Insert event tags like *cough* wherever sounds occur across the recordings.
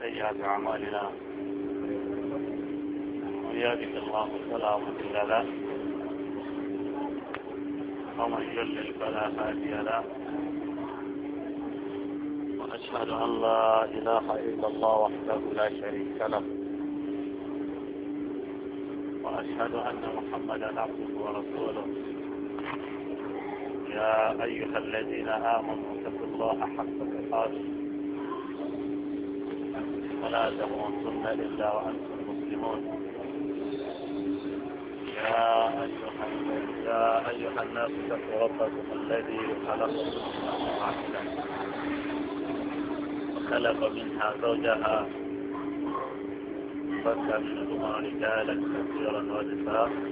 سيئات أعمالنا من يهدك الله فلا مضل له ومن يضلل فلا هادي له وأشهد أن لا إله إلا الله وحده لا شريك له وأشهد أن محمدا عبده ورسوله يا أيها الذين آمنوا اتقوا الله حق تقاته ولا تموتن إلا وأنتم مسلمون يا أيها يا أيها الناس اتقوا ربكم الذي خلقكم من واحدة وخلق منها زوجها فكان رجالا كثيرا ونساء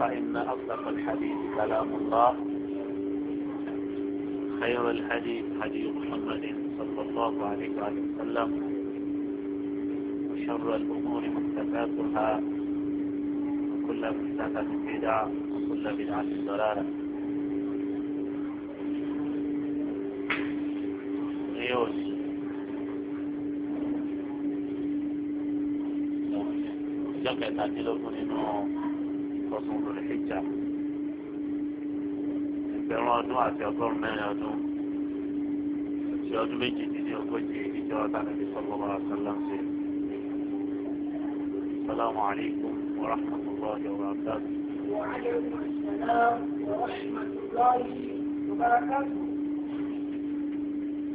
فإن أصدق الحديث كلام الله خير الهدي هدي محمد صلى الله عليه وسلم وشر الأمور مكتفاتها وكل مكتفات بدعة وكل بدعة ضلالة غيوز ìjọ kẹtàdínlógún إنه ọ̀sán الحجة lè jà ẹgbẹ̀rún ọdún àti ọgọ́rùn mẹ́rin ọdún àti ọdún méjìdínlógójì الله عليه وسلم السلام عليكم ورحمة الله وبركاته وعليكم السلام ورحمة الله وبركاته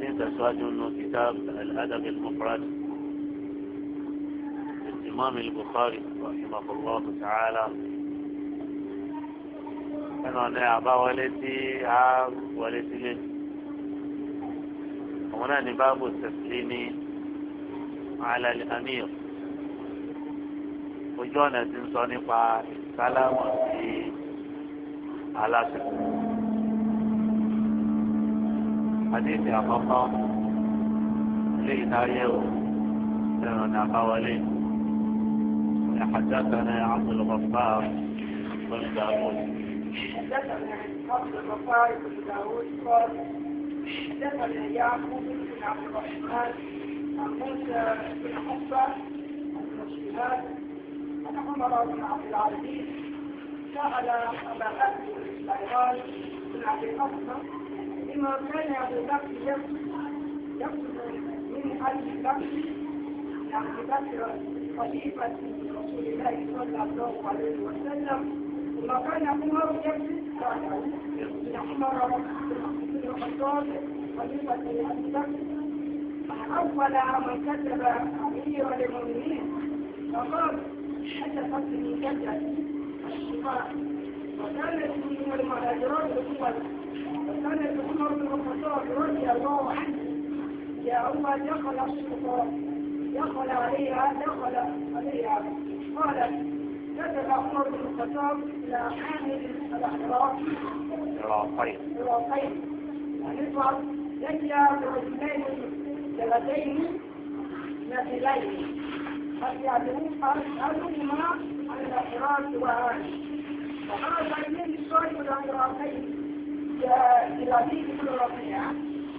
انت سؤال انه كتاب الادب المفرد الامام البخاري رحمه الله تعالى ẹnu ọ̀nà àbáwọlé tí a wọlé sílé òun náà ní báàbò tẹ̀sílẹ̀ ní alẹ́ amíyàn ojú ọ̀nà tí ń sọ nípa sálámọ̀ sí aláṣẹ. àdéhùn àkọ́kọ́ ilé ìdáyẹ̀wò ẹnu ọ̀nà àbáwọlé ní àjàkálẹ̀ Abdul Ghaffar tó ń gbà wọlé. حدثنا اسحاق بن رفاعي بن داوود قال حدثنا يعقوب بن عبد الرحمن عن موسى بن حفصه عن الشهاد عن عمر بن عبد العزيز سال ابا بكر الشيطان بن ابي حفصه لما كان ابو بكر يقصد من ابي بكر يعني بكر خليفه رسول الله صلى الله عليه وسلم وكان عمر يجلس بن الخطاب خليفه اول من كتب امير المؤمنين فقال حدثتني كذا الشفاء وكانت من المهاجرات الاول وكانت عمر بن الخطاب رضي الله عنه يا عمر دخل الشفاء دخل عليها دخل عليها قالت نزل عمر بن الخطاب إلى عامل العراق العراقين طيب. العراقين طيب. ونفعل لجأ برجلين جلدين نزلين قد يعلمون أرجوهما عن العراق وهاني وخرج من صاحب العراقين إلى دين بن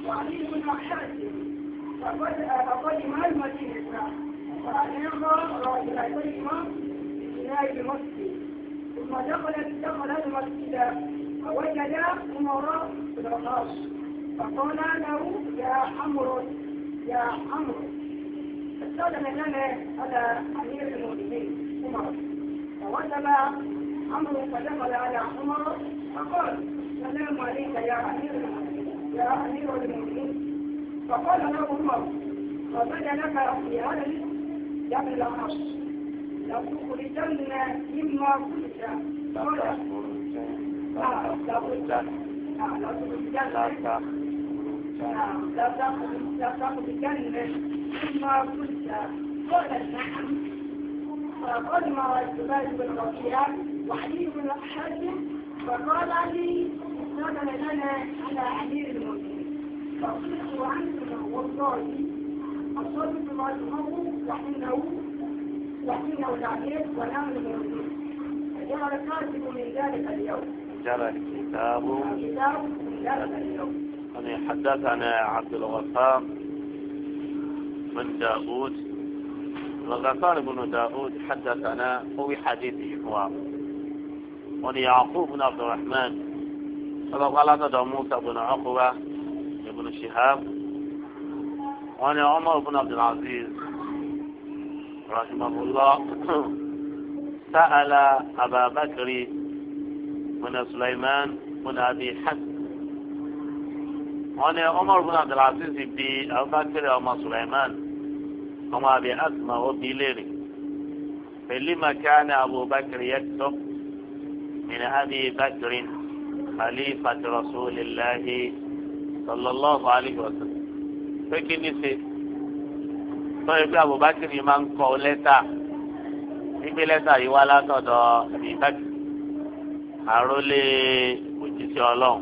وعلي بن حاتم فقد فقدم المدينة راجلتيهما بناء المسجد ثم دخلت دخل المسجد فوجد عمر بن الخطاب فقال له يا عمرو يا عمرو استأذن لنا على أمير المؤمنين عمر فوجب عمرو فدخل على عمر فقال السلام عليك يا أمير المؤمنين يا أمير المؤمنين فقال له عمر وبدا لك في هذا يا ابن العاص لتخرجن مما كنت مما كنت قال نعم فقال مع بن ربيع وعلي بن حاتم فقال علي نزل لنا على امير المؤمنين فقلت عنه والله الصادق ما يهمه وحينه وحين تعليق جرى من ذلك اليوم جرى الكتاب من ذلك اليوم حدثنا عبد الغفار بن داود الغفار بن داود حدثنا قوي حديثه هو وني يعقوب بن عبد الرحمن سبق على موسى بن عقبة بن شهاب وني عمر بن عبد العزيز رحمه الله *clears throat* سأل أبا بكر من سليمان من أبي حسن وأنا عمر بن عبد العزيز بي أبا بكر أم سليمان وما أبي حسن أسمى وبيليري فلما كان أبو بكر يكتب من أبي بكر خليفة رسول الله صلى الله عليه وسلم فكني سيد tọ́yẹ pé Abubakar yìí máa ń kọ lẹ́tà gbígbé lẹ́tà yìí wá látọ̀dọ̀ ìbákì àrólé òjíṣẹ́ ọlọ́run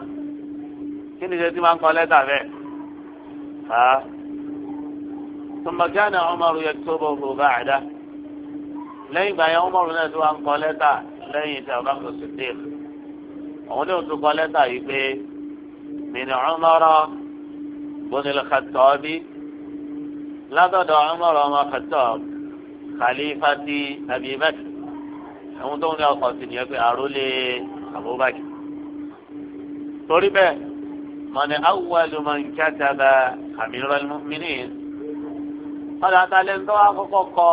kí ni ṣe ti máa ń kọ lẹ́tà bẹ́ẹ̀ ha tọmọkíánà Umaru yẹ tó bọ̀ bọ̀ bá àdá lẹ́yìn ìgbà yẹn Umaru náà ti wá ń kọ lẹ́tà lẹ́yìn tí Abubakar Siddiq àwọn yóò tún kọ lẹ́tà yìí pé min Umara bọ́nìlẹ̀ Khattabi látọ̀dọ̀ Umar ọmọ Khattab khalifati Abi Bakr àwọn tó ń lé ọkọ̀ sí nìyẹn pé àrólé Abubakar torí bẹ́ẹ̀ mọ̀nì awwalu man kataba amirul mu'minin ọ̀dà àtàlẹ́ ń tọ́wọ́ àkọ́kọ́ kọ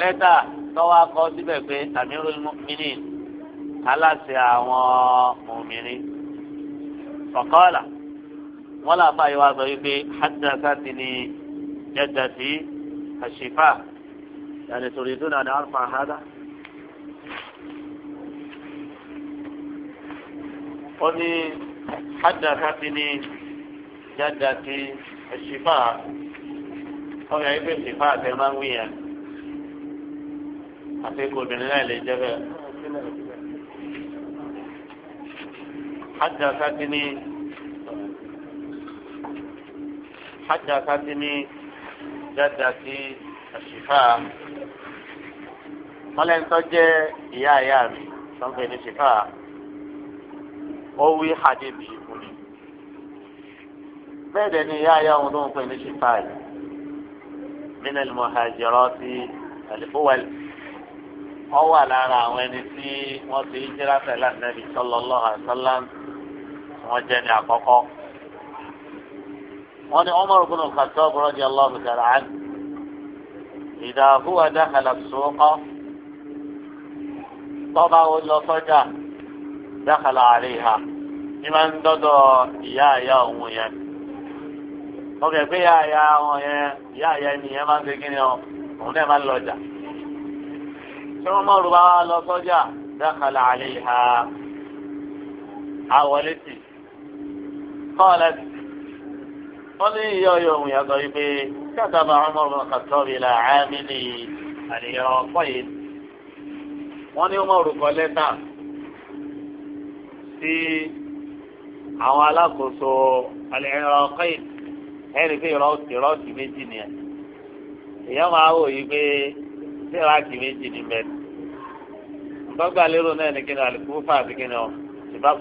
lẹ́tà tọ́wọ́ akọ síbẹ̀ pé amirul mu'minin aláṣẹ àwọn mùmìnì faqala wọn là bá ìwà sọ wípé hadda sáti ni jẹjẹ sí àṣìfà yàrá ìtòrí tó nàdà alfa hada. ó ní hadda sáti ni jẹjẹ sí àṣìfà ọmọ yẹn pé ṣìfà àti máa ń wí àti kò obìnrin náà lè jẹ bẹ́ẹ̀. hadda sáti ni. حدثتني جدتي الشفاء قال ان توجه يا يا تنقل الشفاء قوي حديثي يقولي bẹ́ẹ̀ ni ìyá ayá wọn tó ń pè ní ṣìfàì mina al-muhajirati al-awwal ó wà lára àwọn ẹni tí wọ́n ti hijira pẹ̀lú Ànábì sallallahu alaihi wasallam wọ́n jẹ́ ní àkọ́kọ́ wọ́n ní Umar ibn al-Khattab radiyallahu ta'ala anhu idha huwa dakhala as-suqa tọ́ba wo lọ sọ́jà dakhala 'alayha ní máa ń dọ́dọ̀ ìyá ìyá òun yẹn wọ́n kẹ́ pé ìyá ìyá wọn yẹn ìyá ìyá nìyẹn máa ń ṣe kíni ọ òun náà máa ń lọ́jà tí wọ́n mọ̀ rúbá lọ sọ́jà dakhala 'alayha àwọlé tì kọ́ wọ́n ní ìyá ọyọ òun yàtọ̀ yìí pé kátàbà ọmọ ọmọ kàtọ́ọ̀bì là ámì ní àlèyàn ọ̀pọ̀ yìí wọ́n ní ọmọ orúkọ lẹ́tà sí àwọn alákòóso àlèyàn ọ̀pọ̀ yìí ẹ̀rí pé ìrọ́ọ̀tì ìrọ́ọ̀tì méjì nìyẹn èèyàn máa wò yìí pé ìrọ́ọ̀tì méjì ní mẹ́rin gbọ́gbà lérò náà ní kíni àlùkò fáàbì kíni ọ̀ ṣùgbọ́n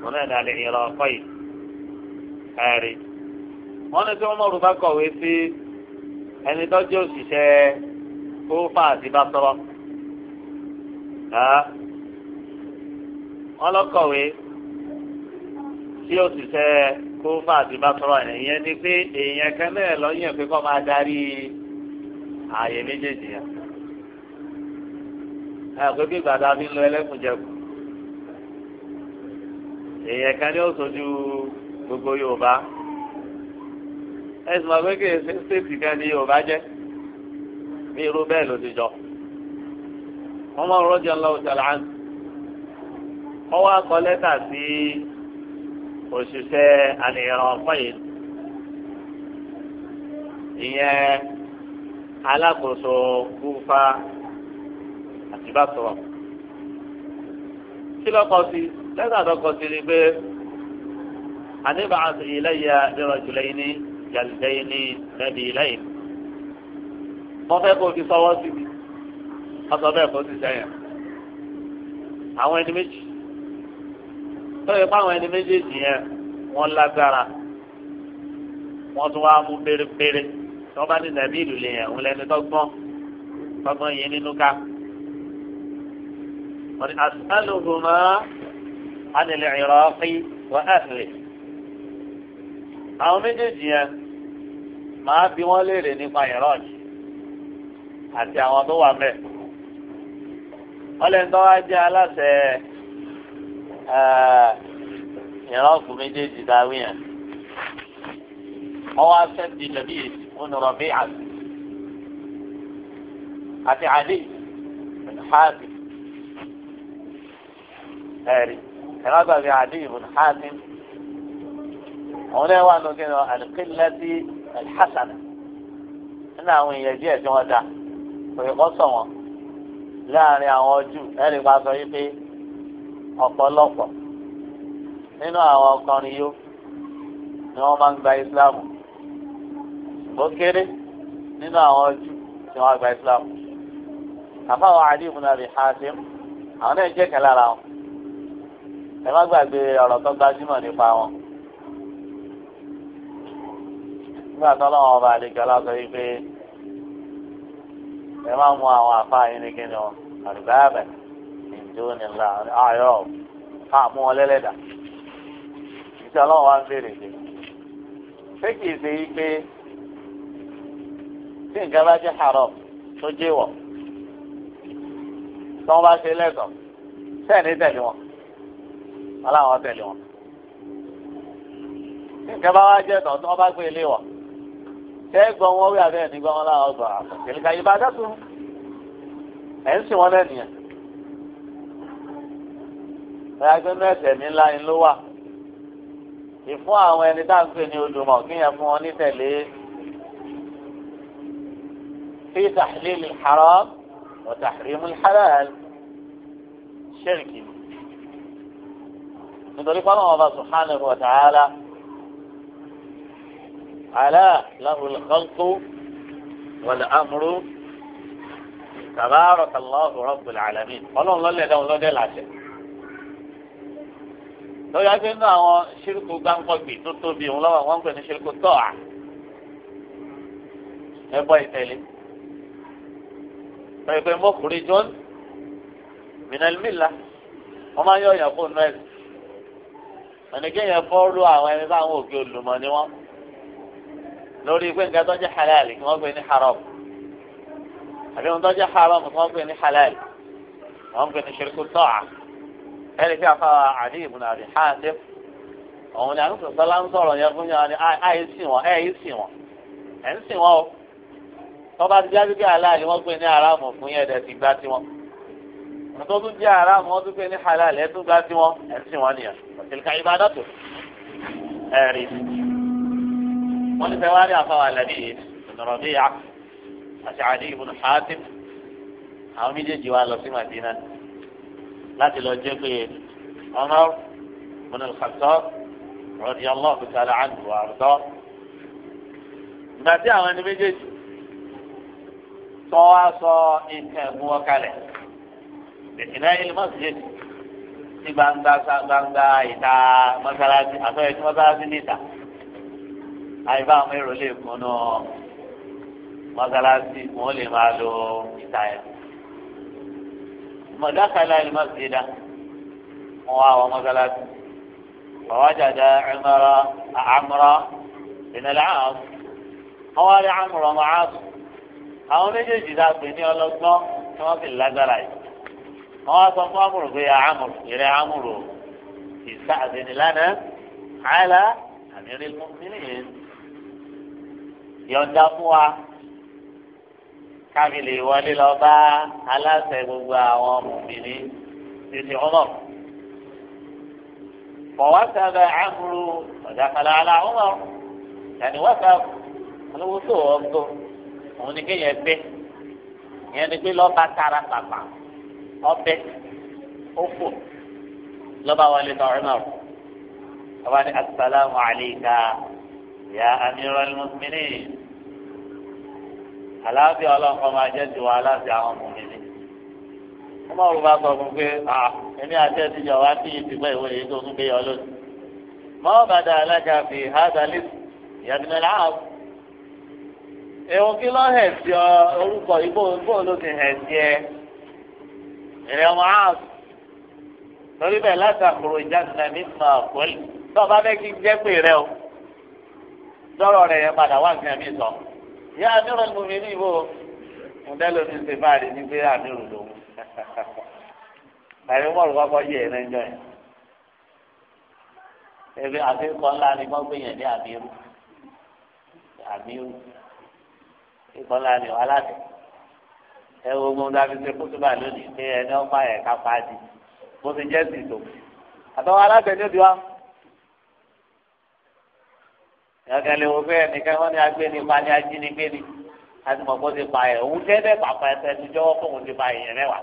sọ̀rọ̀ ẹ̀rí wọ́n ní tí wọ́n mọ̀rún bá kọ̀wé sí ẹni tọ́jú òṣìṣẹ́ kófà àti bàtọ́rọ́ wọ́n lọ kọ̀wé sí òṣìṣẹ́ kófà àti bàtọ́rọ́ ìyẹn ni pé èèyàn kan náà lọ yàn pé kó máa darí ààyè méjèèjì yẹn àgbẹ̀ bí gbàdá fi ń lọ ẹlẹ́kùnjẹkù èèyàn kan ní ó gbogbo yorùbá ẹsùn àgbẹ̀ kì í ṣe ṣéètì kan ní yorùbá jẹ́ bí irú bẹ́ẹ̀ ló ti jọ ọmọ rọ́jà lọ́wọ́ tẹ̀lé án ọwọ́ akọ lẹ́tà sí òṣìṣẹ́ àníyàn ọ̀pọ̀ yìí ìyẹn alákòóso kúfà àti kí lọ́kọ̀ sí lẹ́tà tó kọ sí ni pé. أنبعث إلي برجلين جلدين نبيلين wọ́n fẹ́ kó o fi sọ́wọ́ sí mi wọ́n sọ bẹ́ẹ̀ kó o ti sẹ́yìn àwọn ẹni méjì tó yẹ fáwọn ẹni méjèèjì yẹn wọ́n lágbára wọ́n tún wá mú pérépéré tí wọ́n bá ní nàbí ìlú lè yẹn òun lẹni tọ́gbọ́n tọ́gbọ́n yẹn nínú ká wọ́n ní asálùhùmá anil iraqi wa ahlihi. àwọn méjèèjì yẹn màá bi wọ́n léèrè nípa ìrọ́ọ̀jì àti àwọn tó wà mẹ́ẹ̀. wọ́n lè ń tọ́wá jẹ́ aláṣẹ ìrọ́ọ̀kù méjèèjì dáwé yẹn. wọ́n wá fẹ́ di lẹ́bí bí àti àti àdé ẹ̀rí òun náà wà nù kí ni alikilati alhasana nínú àwọn èèyàn díẹ̀ tí wọ́n da òye kọ́ sọ wọn láàrin àwọn jù ẹ̀rí pa sọ wípé ọ̀pọ̀lọpọ̀ nínú àwọn ọkùnrin yó ni wọ́n máa ń gba ìsìláàmù ó kéré nínú àwọn jù tí wọ́n gba ìsìláàmù àfáwọn àdìmú náà rí hasim àwọn náà kẹlẹ́ ara wọn ẹ má gbàgbé ọ̀rọ̀ tó gbajúmọ̀ nípa wọn. nígbà tó lọ́wọ́ ọba àdìgbà lọ́sọ yìí pé ẹ máa mú àwọn àfa yín ní kíni wọn àdìgbà àbẹ̀ ìjó nílá ayọ̀ ká mú wọn lẹ́lẹ́dà ìṣe ọlọ́wọ́ wa ń béèrè pé ṣé kìí ṣe yìí pé tí nǹkan bá jẹ́ haram tó jẹ́ wọ̀ tí wọ́n bá ṣe lẹ́tọ̀ọ́ sẹ́ẹ̀ni tẹ̀lé wọn aláwọ̀ tẹ̀lé wọn nǹkan bá wá jẹ́ tọ̀ tí bá gbé ilé wọ̀ ẹ gbọ́ wọn wí abẹ́ ní gbọ́ wọn láwọn gbọ́ àkọsílẹ̀ka yìí bá dátú ẹ̀ ń sìn wọn lẹ́nu yẹn. ẹ̀yà pé mẹ́sẹ̀ mi ńlá ni ló wà ìfún àwọn ẹni tá à ń pè ní olùmọ̀ kí fún wọn ní fi tahlil al-haram wa tahrim al-halal ṣẹ́rìkì nítorí pé ọlọ́run ọba subhanahu wa ألا له الخلق والأمر تبارك الله رب العالمين ọlọ́run lọ́lẹ̀ dáhùn lọ́dẹ̀ làṣẹ. lórí ẹgbẹ́ nínú àwọn ṣírkù gbáǹkọ́gbì tó tóbi òun lọ́wọ́ wọn ń pè ní ṣírkù tọ́à ẹbọ ìtẹ̀lé. lórí pé mọ́kùnrin john minalmila wọ́n máa ń yọ ìyàpò nọ́ẹ̀sì. ẹnìkéyàn fọ́ lu àwọn ẹni báwọn òkè olùmọ̀ ni wọ́n. lórí pé nǹkan tó halal kí wọ́n pè ní haram àbí wọ́n pè ní halal wọ́n pè ní tọ́à ẹni tí a fa àdé ìbùnà àdé hàndé òun ni àgùntàn sọlá sọ̀rọ̀ yẹn fún yàrá ni àyè sìn wọn ẹ̀ yìí sìn wọn ẹ̀ o tó bá ti jáde halal wọ́n pè ní haram fún yẹn ẹ̀dẹ̀ ti gbá halal ẹ̀ tún gbá ẹ̀ sìn wọn nìyẹn ولثواني أصوى الذين بن ربيع أسعدي بن حاتم أو من جوال سمى دينا لا تلوجيكي عمر بن الخطاب رضي الله تعالى عنه وأرضاه ما تعمل أن يجي تواصى إنك موكالة بإناء المسجد di bangga bangga ita masalah atau itu masalah ini àyíká àwọn èrò lè kúnnú mọ́sálásí wọn lè máa lo ìtayà mọ̀dákàlá ni mọ́sídà wọn wá wọ mọ́sálásí fọwọ́jàdá ẹ̀mọ́rọ́ àmọ́rọ́ ìnàlẹ́ àwọn wọn wá rí àmọ́rọ́ mọ́ àbù àwọn méjèèjì tá a pè ní ọlọ́gbọ́n tí wọ́n fi lágbára yìí wọ́n wá sọ fún amúrò pé àmúrò ìrẹ́ àmúrò ìsáàdínlánà àìlá àmì yọ̀ǹda fún wa káfí lè wọlé lọ bá aláṣẹ gbogbo àwọn mùmìnì títí ọmọ. فوثب عمرو ودخل على عمر يعني وثب الوثوق ọgbọ òun ni kéèyàn gbé ìyẹn ni pé lọ́ba tara pàpà ọbẹ̀ òfò lọ́ba wọlé tọ́ Umar ọba ní asalaamu alayka ya amiral mu'minin àlàáfíà ọlọ́run kan máa jẹ́ tiwa aláàfíà àwọn ọmọ mi ni. wọ́n máa rú bá sọ fún pé èmi àti ẹtì jọ wá sí ìdìbò ìwé èyí tó tún gbé yọ lónìí. mọ́ bàdà alága fi hàdàlí ìyàgbìnrin láàbù. èèwọ̀n kí ló hẹ̀ sí ọ orúkọ ìbò ìbò ló ti hẹ̀ sí ẹ. ìrẹ̀ wọn á torí bẹ́ẹ̀ látàkùrọ̀ ìjáde mi máa kọ́lé. tó o kí n jẹ́ pé rẹ o. sọ̀rọ̀ rẹ̀ yẹn padà wá nǹkan mi sọ ìyá àmírò ni mo fi ní ìbò mọ̀dẹ́lò ní ṣe bá rí ní pé àmírò ló ń àyè mọ̀rù kọ́kọ́ yé ẹ̀rẹ́ ńjọ́ yẹn ebi àfikọ́ ńlá ni wọ́n gbìyànjú ní àmírò àmírò ikọ̀ ńlá ni wọ́n aláṣẹ ẹ wo gbọ́n dábí ṣe kótóbà lónìí pé ẹni ọ̀pá ẹ̀ ká pa á di bó ti jẹ́ sí ìtò àtọ́wọ́ aláṣẹ ní òdiwọ̀n yọ̀ọ̀kẹ́ lè wo pé ẹnìkan wọ́n ní agbénipa ní ajínigbéni àti mọ̀kó ti pa ẹ̀ òun tẹ́ bẹ́ẹ̀ pàpà ẹsẹ̀ ti jọ́wọ́ fóun ti pa èèyàn mẹ́wàá.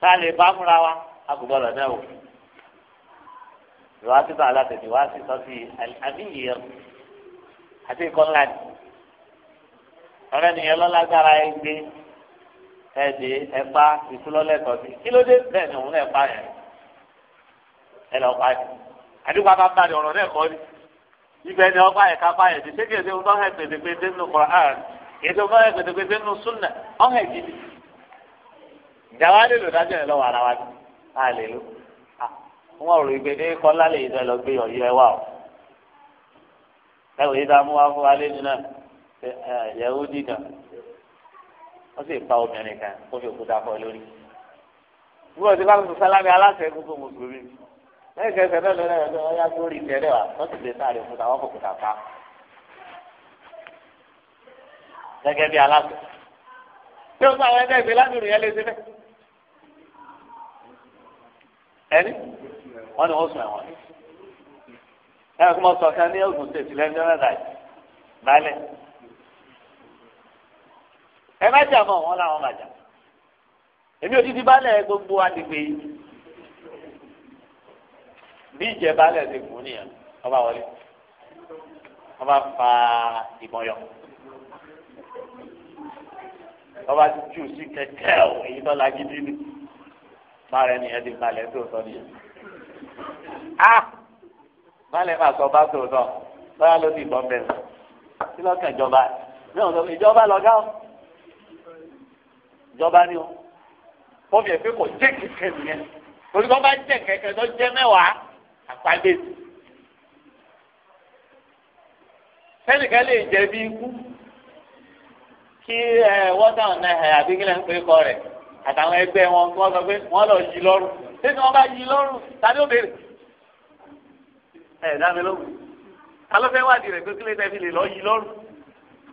tá a lè bá múra wa a kò gbọ́dọ̀ náà wò. ìwà títà alátẹ̀tẹ̀ wá sí sọ́sì àbíyè ẹ̀ àti ìkọ́nlá ni. ọ̀rẹ́ nìyẹn lọ́lágbára ẹ gbé ẹ̀dẹ̀ ẹ̀pá ìtúlọ́lẹ̀kọ̀ sí kí ló dé bẹ́ẹ̀ ni òun náà pa yẹn ẹ lọ́ọ́ pa yẹn àdúgbò abábàdì ọ̀rọ̀ náà kọ́ ni ibẹ̀ ni ọba ẹ̀ka báyẹ̀ ti ṣéke ṣe wọn hẹ pètèpètè nínú Qur'an ètò wọn hẹ pètèpètè nínú Sunnah wọn hẹ gidi. ìjàwá lè lò dájọ́ yẹn lọ́wọ́ ara wa ni a lè lò wọn rò ìgbé ní kọ́lá lè yẹ lọ gbé ọ̀yẹ́ wa o. ẹ wòye dá mú wa fún wa lé nínú ẹ̀yẹ́wó dìgbà wọ́n sì pa obìnrin kan kó fi òkúta fọ́ lórí. bí wọ́n ti bá sọ sálámi aláṣẹ gbogbo mùsùlùmí ẹ̀kẹ́ fẹ́ bẹ́ẹ̀ lọ́rẹ́ rẹ̀ ọ̀yá sórí ìtẹ́lẹ̀ wa wọ́n sì lè sáré fún tàwọn kò kúta ká. bí aláṣẹ. tí o sọ àwọn ẹgbẹ́ ìgbé ládùúrú yẹn lé sí bẹ́ẹ̀. ẹni wọ́n ní wọ́n sùn ẹ̀wọ̀n. ẹ̀rọ tí mo sọ kan ní Ògùn state lẹ́nu ẹ̀rọ balẹ̀. ẹ má jà mọ́ wọn láwọn má jà. èmi ò ti di balẹ̀ gbogbo àdìgbè yìí bí ìjẹbalẹ̀ ti fún nìyẹn ọba wọlé ọba fa ìbọn yọ ọba ti jù sí kẹ̀kẹ́ o èyí tó la gidi ni bára ẹnìyẹn ti balẹ̀ tó sọ nìyẹn a balẹ̀ máa sọ bá tó sọ báyà ló ti bọ́ bẹ́ẹ̀ sí lọ́kàn ìjọba náà sọ ìjọba lọ́gá o ìjọba ni o fọ́ọ̀mù ẹ̀fẹ́ kò jẹ́ kẹ̀kẹ́ nìyẹn torí kọ́ bá jẹ́ kẹ̀kẹ́ tó jẹ́ mẹ́wàá àpagbèsè sẹ́nìkan lè jẹ́ bí ikú kí ẹ wọ́tàn náà ẹ̀ àbí kílẹ̀ ń pè kọ́ rẹ̀ àtàwọn ẹgbẹ́ wọn kí wọ́n sọ pé wọ́n lọ yí lọ́rùn ṣé tí wọ́n bá yí lọ́rùn tàbí ó béèrè ẹ̀ dábẹ́ lóhùn alọ́fẹ́ wádìí rẹ̀ pé kílẹ̀ tẹ́ fi lè lọ yí lọ́rùn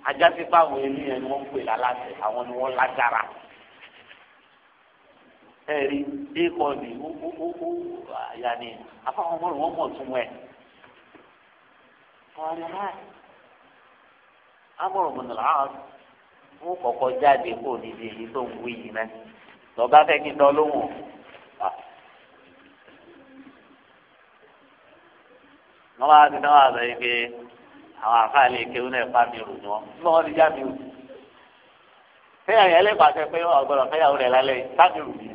ajá ti pa àwọn ènìyàn ni wọ́n ń pè láláṣẹ àwọn ni wọ́n lágbára ẹ̀rí bí kò ní yanni afáwọn ọmọ rẹ wọn mọ tún wẹ. wọn rí hàn amọ̀rọ̀ mọ̀nà làwọn mú kọ̀kọ́ jáde kó di èyí tó ń wí yìí náà lọ́ba fẹ́ kí n dán lóhùn. wọ́n máa ti dáhùn àgbà yìí pé àwọn àfáà lè kéwú náà pa mi rò ní wọn bí wọ́n ti já mi rò. fẹ́yà yẹn lè pàṣẹ pé ọ̀gbọ́dọ̀ fẹ́yàwó rẹ̀ lálẹ́ yìí pa mi rò ní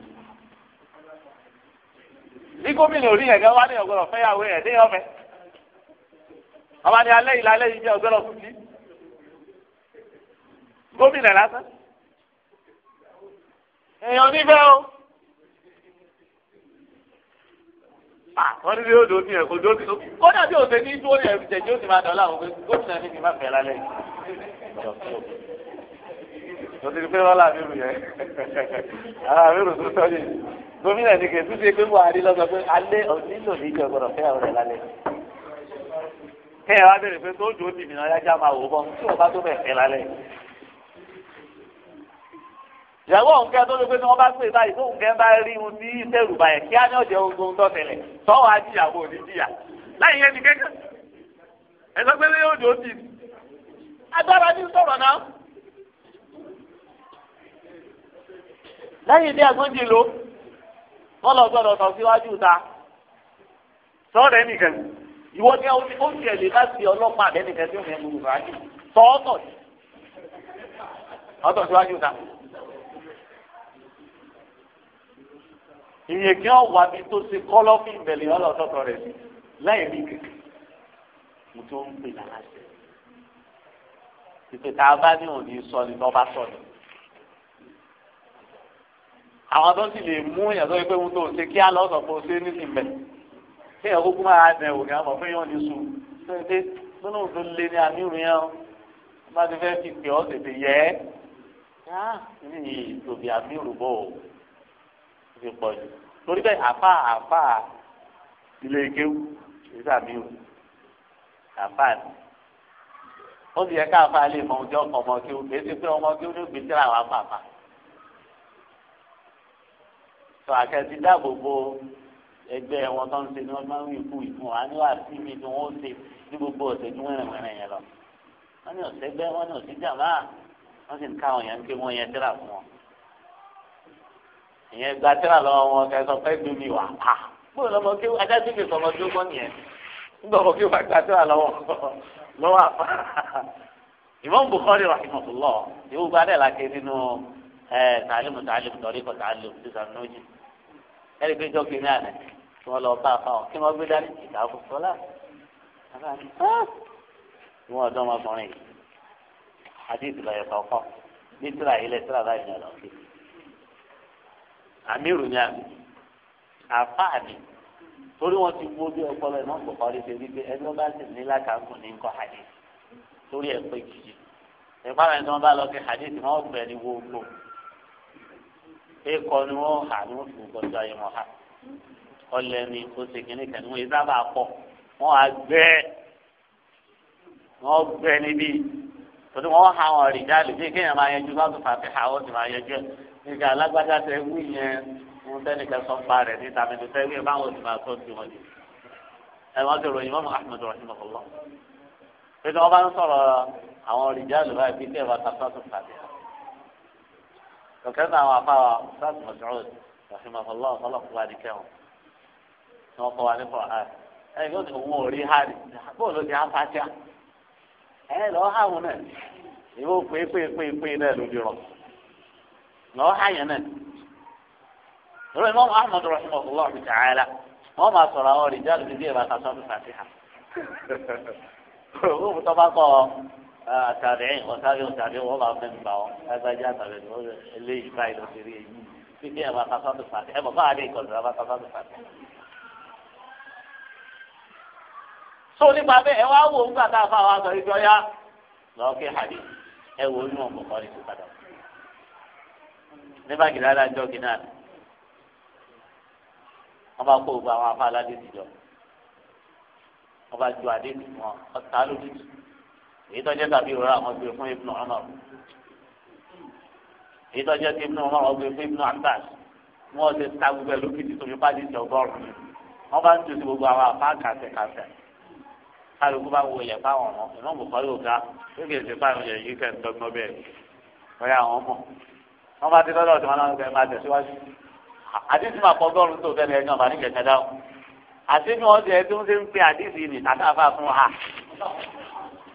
bí gómìnà orí yẹn gan wá ní ọgbọdọ fẹyàwó yẹn ní ọfẹ ọba ní alẹ́ ìlà alẹ́ yìí jẹ ọgbọdọ fún mi gómìnà lásán èèyàn nífẹ̀ẹ́ o wọ́n ní yóò dòó ní kó dòó ní kó dàbí òsè ní dúró ní ẹ̀rù jẹ̀jẹ̀ ó máa dọ̀la òun gómìnà ní kì fẹ́ lálẹ́ yìí lọ́sí ni pé rọ́lá mi rù yẹn ara mi rù tó sọ́yìn gómìnà ní kẹ́ẹ́ tún ṣe pé buhari lọ́sọ pé alẹ́ nílò níjọ gbọ́dọ̀ fẹ́ ọ̀rẹ́ lálẹ́ kẹ́ẹ̀ wá bẹ̀rẹ̀ pé tó jòó tìmí náà yájá máa wò bọ́ tí wọ́n bá tó bẹ̀ fẹ́ lálẹ́ ìyàwó òun kẹ́ tó ló pé tí wọ́n bá pè báyìí tó òun kẹ́ bá rí ohun tí sẹ́rù báyẹn kí á ní ọ̀jẹ̀ ogun tó tẹ̀lẹ̀ tọ́wọ́ wọ́n lọ gbọ́dọ̀ sọ síwájú ta sọ́ọ̀rẹ́ nìkan ìwọ ni ó ti ẹ̀lẹ́ láti ọlọ́pàá àbẹ́ nìkan tí ó yẹn gbogbo fàájì ni. ọ̀tọ̀ síwájú ta. ìyẹn kí wọ́n wà bí tó ṣe kọ́ lọ́fíì ìbẹ̀lẹ̀ ọlọ́sọ̀tọ̀ rẹ̀ sí láì rí kẹ̀kẹ́ mo tó ń pè lálásẹ̀ ìpè tá a bá ní òní sọ ni lọ́ba sọ ni àwọn tó sì lè mú èèyàn tó yẹ pé wọn tó ṣe kí á lọ sọ pé o ṣe ní ìbẹ kí èèyàn kúkú máa dẹ̀ wò ní àmọ́ fún yóò ní sùn ṣe gbọ́dọ̀ tó lé ní àmírù yẹn bá ti fẹ́ fi pè ọ́ tètè yẹ ẹ́ ní ìtòbí àmírù bò ó ti pọ̀ jù torí bẹ́ẹ̀ àfa àfa ilé kéwù ìṣe àmírù àfa ni ó sì yẹ ká àfa lè mọ ọjọ́ ọmọ o kì í ṣe pé ọmọ kéwù ní ògbésí àwọn àfa àfa tó àkẹ́tì dáàbò bo ẹgbẹ́ wọn tó ń ṣe ni wọ́n máa ń wí kú ìfún wa níwà sí mi ni wọ́n ṣe ní gbogbo ọ̀sẹ̀ ní wẹ́rẹ̀ wẹ́rẹ̀ yẹn lọ. wọ́n ní ọ̀sẹ̀ gbẹ́ wọ́n ní ọ̀sẹ̀ jàmbá wọ́n sì ń ká àwọn yẹn ń ké wọ́n yẹn tíra fún wọn. ìyẹn gba tíra lọ́wọ́ wọn kẹ́ sọ fẹ́ gbé mi wà á. bóyá lọ́mọ kí ajá sí mi sọmọ tó gbọ́ nìyẹn. nígbà kí wọ́n gba tíra lọ́wọ́ *laughs* lọ́wọ́ àfa. Imam ẹni pé jọ́ kìíní àná tí wọ́n lọ bá a fa ọ̀ kí wọ́n gbé dání ìta fún sọ́lá ni wọ́n ọ̀dọ́ ọmọkùnrin yìí àdìsí lọ yẹ kọ̀ọ̀kan ní tíra yìí lẹ tíra báyìí ní ọ̀nà òkè àmírù ni àmì àfáà mi torí wọn ti wo bí ọpọlọ ẹ̀ náà kò kọ́ ọ́ ṣe wípé ẹni wọn bá sì ní lákàákùn ní nǹkan àdìsí torí ẹ̀ pé jìjì ìpàrọ̀ ẹni tí wọ́n bá lọ sí àdìsí wọn gbẹ̀ ní wọ́n lò kíkọ ni wọ́n hà ní oṣù gbọ́dọ̀ ayé wọn hà ọlẹ́ ni ó ṣe kínní kan ní wọ́n yìí sábà pọ̀ wọ́n á gbẹ́ wọ́n gbẹ́ níbí tòtí wọ́n hà wọn rìn jáde bí kéèyàn máa yẹjú bá tó fàáfi hà wọ́n sì máa yẹjú ẹ̀ nígbà alágbádá tẹ wú yẹn fún tẹnìkan sọ pa rẹ̀ níta ni tó tẹ́wé báwọn sì máa tó ti wọn jù ẹ̀ wọ́n ti ròyìn mọ́mọ́ Ahmed rahimahullah pé tí wọ́n bá ń sọ̀rọ̀ àwọn rìn jáde báyìí bí kéèyàn bá ta fàáfi hà ọ̀kẹ́ náà àwọn afáwà sáàtì mọ̀sùlùmí rahimahullah ọ̀sọ́lọ̀ fún wa ní kẹ́wọ̀n ni wọ́n kọ́ wa ní kọ́ ha ẹ̀yìn ló ní òun ò rí ha ni bóun ló ti ha fàtíà ẹ̀ lọ́ ha wọn náà ìwọ pé pé pé pé náà ló di rọ lọ́ ha yẹn náà lórí mọ́ ahmed rahimahullah ọ̀sọ́lọ̀ ta'ala wọ́n máa sọ̀rọ̀ àwọn rìjálù bíbí ẹ̀ bá ta sọ́ọ́ àtàbẹ̀yìn ọ̀tàbẹ̀ ọ̀tàbẹ̀ wọ́n máa fẹ́ gbà wọn lágbájá àtàbẹ̀ ni wọ́n rẹ̀ eléyìí báyìí lọ sí rí èyí bí bí ẹ̀ma kásá tó fàtẹ́ ẹ̀mọ̀ bá àdé ìkọ̀lù rẹ̀ bá kásá tó fàtẹ́. sọ nípa bẹ́ẹ̀ ẹ wá wò nígbà tá a fà wá sọ ibi ọ̀yá lọ́ọ́ kí hàdí ẹ wò inú ọ̀pọ̀ kọ́ ní ìpadà. nígbà gíga adájọ́ gíga wọ́n èyí tó jẹ́ tàbí ìrora àwọn gbé fún Ibn Umar èyí tó jẹ́ tí Ibn Umar gbé fún Ibn Abbas wọ́n ti ta gbogbo ẹ̀ lókìtì tó fi pàdé ìjọ bọ́ọ̀rù wọ́n bá ń tu gbogbo àwọn àpá kàṣẹkàṣẹ kálukú bá wọlé fáwọn ọmọ ìmọ̀ bùkọ́ yóò ga lókè ṣe fáwọn yẹn yìí kẹ́ ń dọ́gbọ́n bẹ́ẹ̀ wọ́n yà wọ́n wọ́n bá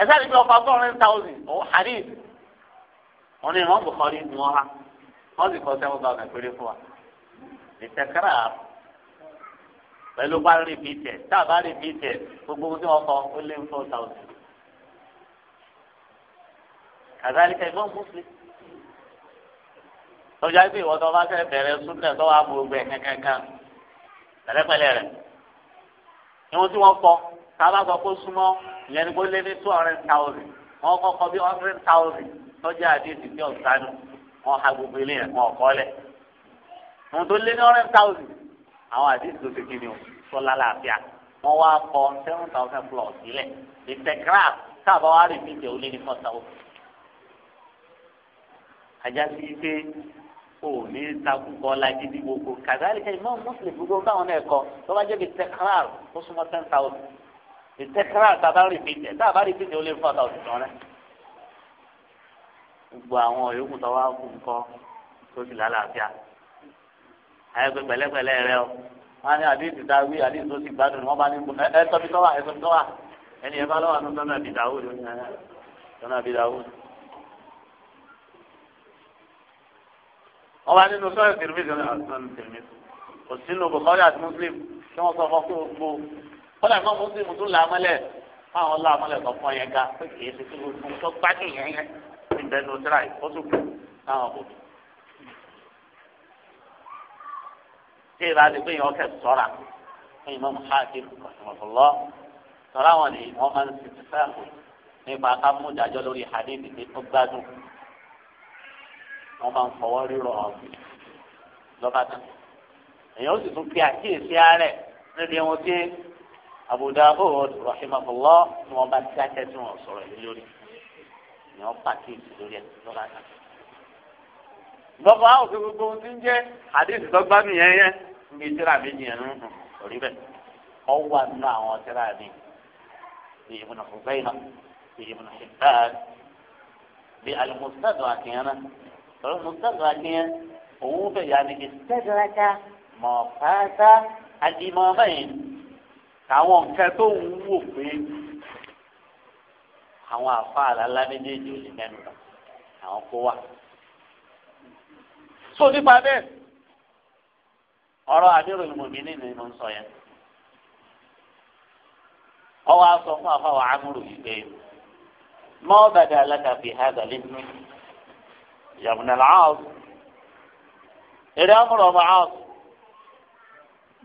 ẹ̀sẹ̀ àti bí ọkọ̀ ọgọ́rin thousand ọ̀hún oh, hadith wọn ni wọn Bukhari ni wọn ha wọn sì kọ́ seven thousand péré fún wa ìtẹ̀kára pẹ̀lú bá rìpítẹ̀ tá a bá rìpítẹ̀ gbogbo tí wọ́n kọ́ ó lé four thousand. kàdáríkà ìbọn Muslim tọ́jà pé ìwọ tó bá fẹ́ bẹ̀rẹ̀ súnlẹ̀ tó wà gbogbo ẹ̀ kankan pẹ̀lẹ́pẹ̀lẹ́ rẹ̀ ìwọ̀n tí wọ́n kọ́ sábà sọ pé súnmọ́ ìyẹn ni kó lé ní two hundred thousand wọ́n kọ́kọ́ bí hundred thousand sọ́jà àdéhùn ní ọ̀sánù wọ́n ha gbogbo ilé yẹn wọ́n kọ́ lẹ̀. ohun tó lé ní hundred thousand àwọn àdéhùn tó ti kí ni o sọ lálàáfíà wọ́n wá kọ seven thousand plus sílẹ̀ the techgraph sábà wá rí fíjẹ ó lé ní four thousand. ajá sí pé o ní takùkọ lagidi gbogbo kàdáríkà ìmọ̀ mùsùlùmí gbogbo báwọn náà kọ tó bá jẹ́ bí techgraph ó súnmọ́ ten thousand ìtẹ́kẹ́rẹ́ àtàbá rìpítì ẹ̀ táàbá rìpítì ó lé fún ọ̀tà òtítọ́ rẹ̀ gbogbo àwọn yòókù tó wá kú nǹkan tó sì lálàáfíà àyẹ̀pẹ̀ pẹ̀lẹ́pẹ̀lẹ́ rẹ o wọn ní àdéhùn ìta wí àdéhùn tó sì gbádùn ni wọn bá ní ẹ tọ́bi tọ́wà ẹ tọ́bi tọ́wà ẹni ẹ bá lọ́wọ́ ní sọ́nà àbí dàwùd sọ́nà àbí dàwùd. wọn bá nínú sọ́nà kọ́lá ìmọ̀ mùsùlùmí tún là á mọ́lẹ̀ fáwọn là á mọ́lẹ̀ tó fọ́ yẹn ká pé kìí ṣe kí gbogbo tó gbádùn yẹn yẹn ìbẹ́ ló dára ìfọ́sùn táwọn kò tó. tí ìlà ti pé yẹn ọkẹ́ sọ́ra fún ìmọ̀ Hakim rahimahullah sọ́ra wọn ni wọ́n máa ń ti ti sáàkù nípa amúdájọ́ lórí hadith ní tó gbádùn wọ́n máa ń fọwọ́ rírọ̀ ọ̀gbìn lọ́ba Abu Dawud rahimahullah ni wọ́n bá dákẹ́ tí wọ́n sọ̀rọ̀ yìí lórí ni wọ́n pàkíyèsí lórí ẹ̀ lọ́ba kan. bọ́kọ̀ àwọn òfin gbogbo ohun tí ń jẹ́ àdéhùn tọ́gbà nìyẹn yẹn níbi tíra mi yẹn ń hùn orí bẹ́ẹ̀ ọ wà nínú àwọn tíra mi bí ibùdó fúnfẹ́ yìí náà bí ibùdó fúnfẹ́ bí alimusadu akínyẹn náà alimusadu akínyẹn òun fẹ́ yà ni ìsẹ́dàkà mọ̀fáàtà àdìmọ̀mẹ́yìn. àtàwọn nǹkan tó ń wò pé àwọn àfáàlà ńlá méjèèjì ò lè mẹ́nu lọ àwọn kó wà. so nípa bẹ́ẹ̀ ọ̀rọ̀ àdéhùn ìmọ̀mìnì ni mo ń sọ yẹn. ọwọ́ aṣọ fún àfáwọ̀ amúrò yìí pé mọ́ bàdà alákàfẹ́ àgàlẹ́ nínú yàmùnà làwọn èrè amúrò ọmọ àwọn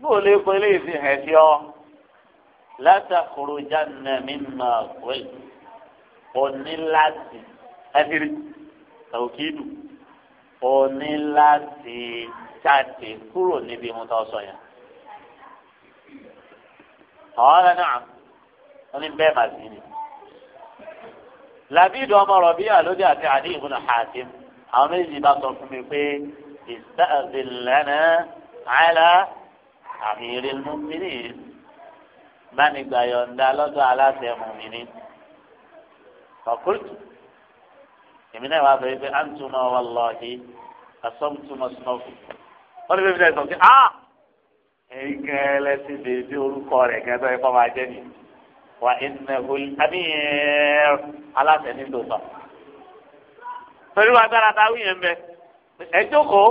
bó o lè kọ́ eléyìí fi hẹ̀ sí ọ látàkùrọ̀jáná mi máa wẹ̀ òní láti ẹ̀fírí tàwùkìdù òní láti jáde kúrò níbi ìmúta ọ̀sọ̀ yẹn. àwọn ọ̀rẹ́ náà wọ́n ní bẹ́ẹ̀ máa sì ní. làbídùú ọmọ rọ̀bí àlódé àti àdéhùn ìbùnà hàtìm àwọn méjì bá sọ fún mi pé ìsáàbìlẹ́nà àìlá àmì ìrìnnú mi báni gbà yọ̀ǹda lọ́dọ̀ aláṣẹ mùmíní. ọ̀kúrtù èmi náà wà bẹ́ẹ̀ pé à ń túmọ̀ wallahi asọ́mùtúmọ̀ sọ́fù. wọ́n ní bíbí náà sọ pé a èyí gan ẹlẹ́sìn bèbí orúkọ rẹ̀ gan tó yẹ kọ́ máa jẹ́ ni wà innahu amíyẹ̀ẹ́ aláṣẹ nílò sọ. torí wàá gbára ta wíyẹn mbẹ ẹ jókòó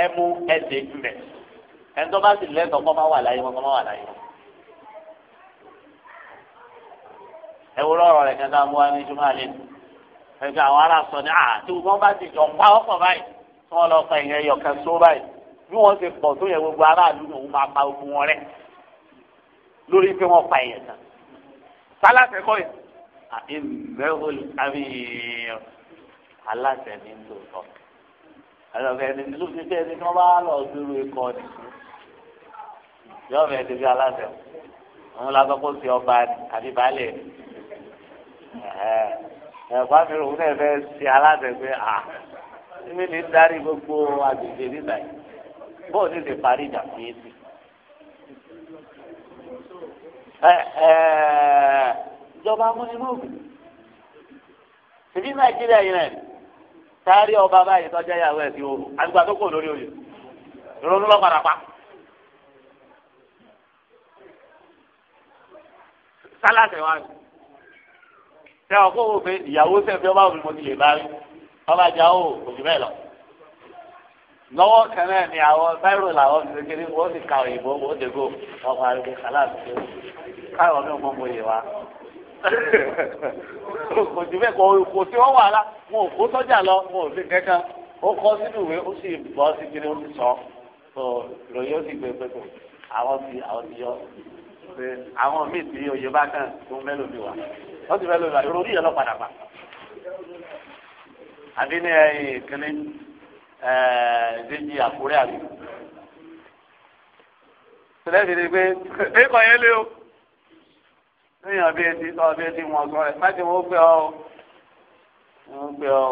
ẹ mú ẹ dé mbẹ ẹ bá sì lẹ́tọ̀ọ́ kọ́ máa wà láyé wọn kọ́ máa wà láyé wọn. ẹ wúrọ ọ̀rọ̀ rẹ kẹta mú wa ní jùmọ àlẹ ẹgbẹ àwọn ará sọ ní àá tí wọn bá ti jọ pa ọkọ báyìí tí wọn lọ pa ìyẹn yọkẹ só báyìí bí wọn ti pọ̀ tó yẹ gbogbo aráàlú ní òun máa pa ogun wọn rẹ lórí pé wọn pa ìyẹn tán sálàtẹ kọ yẹn àbí mẹwòlì àbí aláṣẹ ní tòótọ́ àlọfẹ ẹni ló fi fẹ ẹni tí wọn bá lọ dúró ikọ ni yọọ fẹ ẹni tí aláṣẹ òun la gbọ́ ọba àbí baálé ẹ̀fọ́ mi òun náà fẹ́ ṣe aláṣẹ à mí ní darí gbogbo agbègbè nígbà yìí bó o ní lè parí ìjà fún yín sí. ìjọba nàìjíríà yìí náà sáárì ọba tẹ ọkọ wo fẹ ìyàwó sẹfẹ ọba òfin mo ti lè bá rí ọba jà ó òjì bẹ́ẹ̀ lọ. lọ́wọ́ kan ni àwọn báírò làwọn ti kékeré wọ́n ti ka òyìnbó wọ́n ti gò ọkọ̀ àrùn kàlá ti káyọ̀ ní ọmọ mòye wa. kò jù bẹ́ẹ̀ kò kò sí wọ́n wàhálà wọn kó sọ́jà lọ wọn ò sí ó kọ́ sínú ìwé ó sì bọ́ sí kiri ó sì sọ ròyìn ó sì gbé pẹ́pẹ́ àwọn ti àwọn ti yọ àwọn míì tí oyè bá kàn tó mẹ́lòmí wa wọ́n ti fẹ́ lónìí àyọ̀rọ̀ orí yẹn lọ padà pa. àbí ní ẹyìn kínní ẹ̀ẹ́dẹ́jì àkúrẹ́ àbí. sọlẹ́bí ni pé ẹ̀kọ́ yẹn lé o. lẹ́yìn ọbẹ̀ etí ọbẹ̀ etí wọn sọ rẹ̀ má ti wọ́n gbé ọ wọ́n gbé ọ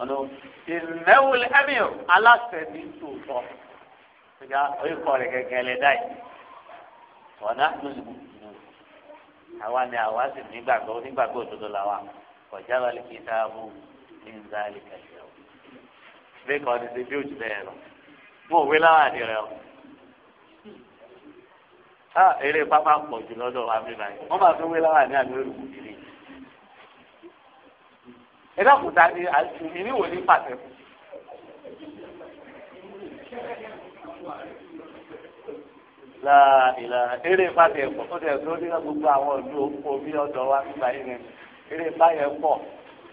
ọ̀nà ìnáwó ẹ̀mí aláṣẹ ní tòótọ́ ẹ̀ka ẹ̀kọ́ rẹ̀ kẹ̀kẹ́ lẹ́dáì ọ̀nà lóṣù àwa ni àwa sì nígbàgbọ́ nígbàgbọ́ òdodo làwa ọ̀já wa lè fi dáàbò ní nzáàlì kàṣẹ o. bẹ́ẹ̀ kọ́ ni ṣe bí òjì bẹ́ẹ̀ lọ mú òwe láwọn àdìrẹ o. a eré pápá pọ̀ jù lọ́dọ̀ wa bí báyìí wọ́n máa fi wé láwọn àní àmì olùkù ìrì. ẹ dákúta ni ìníwò ní pàtẹ́kù láàlá eré ìpàdé ẹ̀kọ́ tó tẹ̀ tó nílò gbogbo àwọn ìlú omi ọ̀dọ̀ wa nígbà yìí ni eré ìpàdé ẹ̀kọ́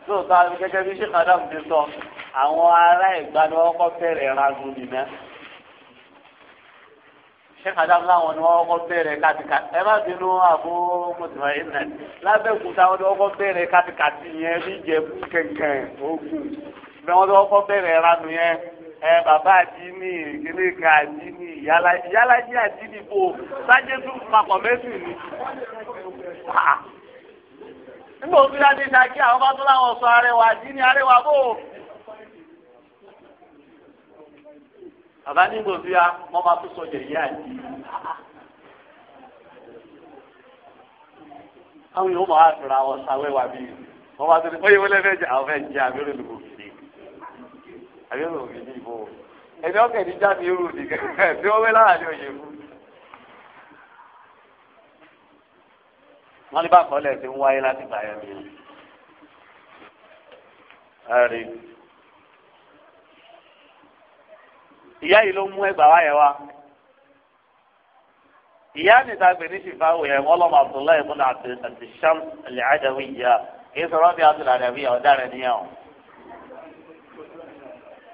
lóòótọ́ àwọn gẹ́gẹ́ bí sèkà náà ti sọ àwọn ará ìgbà ni wọ́n kọ́ fẹ́rẹ̀ ranu nìyẹn sèkà náà láwọn ni wọ́n kọ́ fẹ́rẹ̀ kàtìkàtì ẹ má bínú àbó mùsùlùmí ẹ̀ nà lábẹ́kúta wọn ni wọ́n kọ́ fẹ́rẹ̀ kàtìkàtì yẹn bí jẹ kẹ̀kẹ́ ogun ẹ bàbá àdínì ìgbélé àdínì ìyálájí àdínì bò sájẹsù papọ̀ mẹ́sì ni. Ah. nígbà òfin láti ṣàkí àwọn bá tó láwọn sọ arẹwà àdínì arẹwà bò. bàbá nígbà òfin ya wọ́n máa tún sọ jẹ̀yẹ́ àdínì. àwọn yòówù máa fìrà wọn sáwẹ́wà bíi wọ́n máa tún ní oyè wọlé fẹ́ jẹ àwọn fẹ́ jẹ àbí ọ̀rọ̀ òbí ní ìbò ẹni ọ̀kẹ́ ní jáde irú nìkan tí wọ́n wé lára ní òye fún. wọ́n ní bá kọ́lẹ̀ ti ń wáyé láti gbà yẹn mi. ẹ̀rí ìyá yìí ló mú ẹgbà wá yẹn wá ìyá nìta gbè ní ṣìfàwò yẹn wọ́n lọ́mọ Abdullahi ibùdó àti àti Shams al-Adawiya kì í sọ̀rọ̀ bí Abdullahi àdàbíyà ọ̀daràn níyàwó.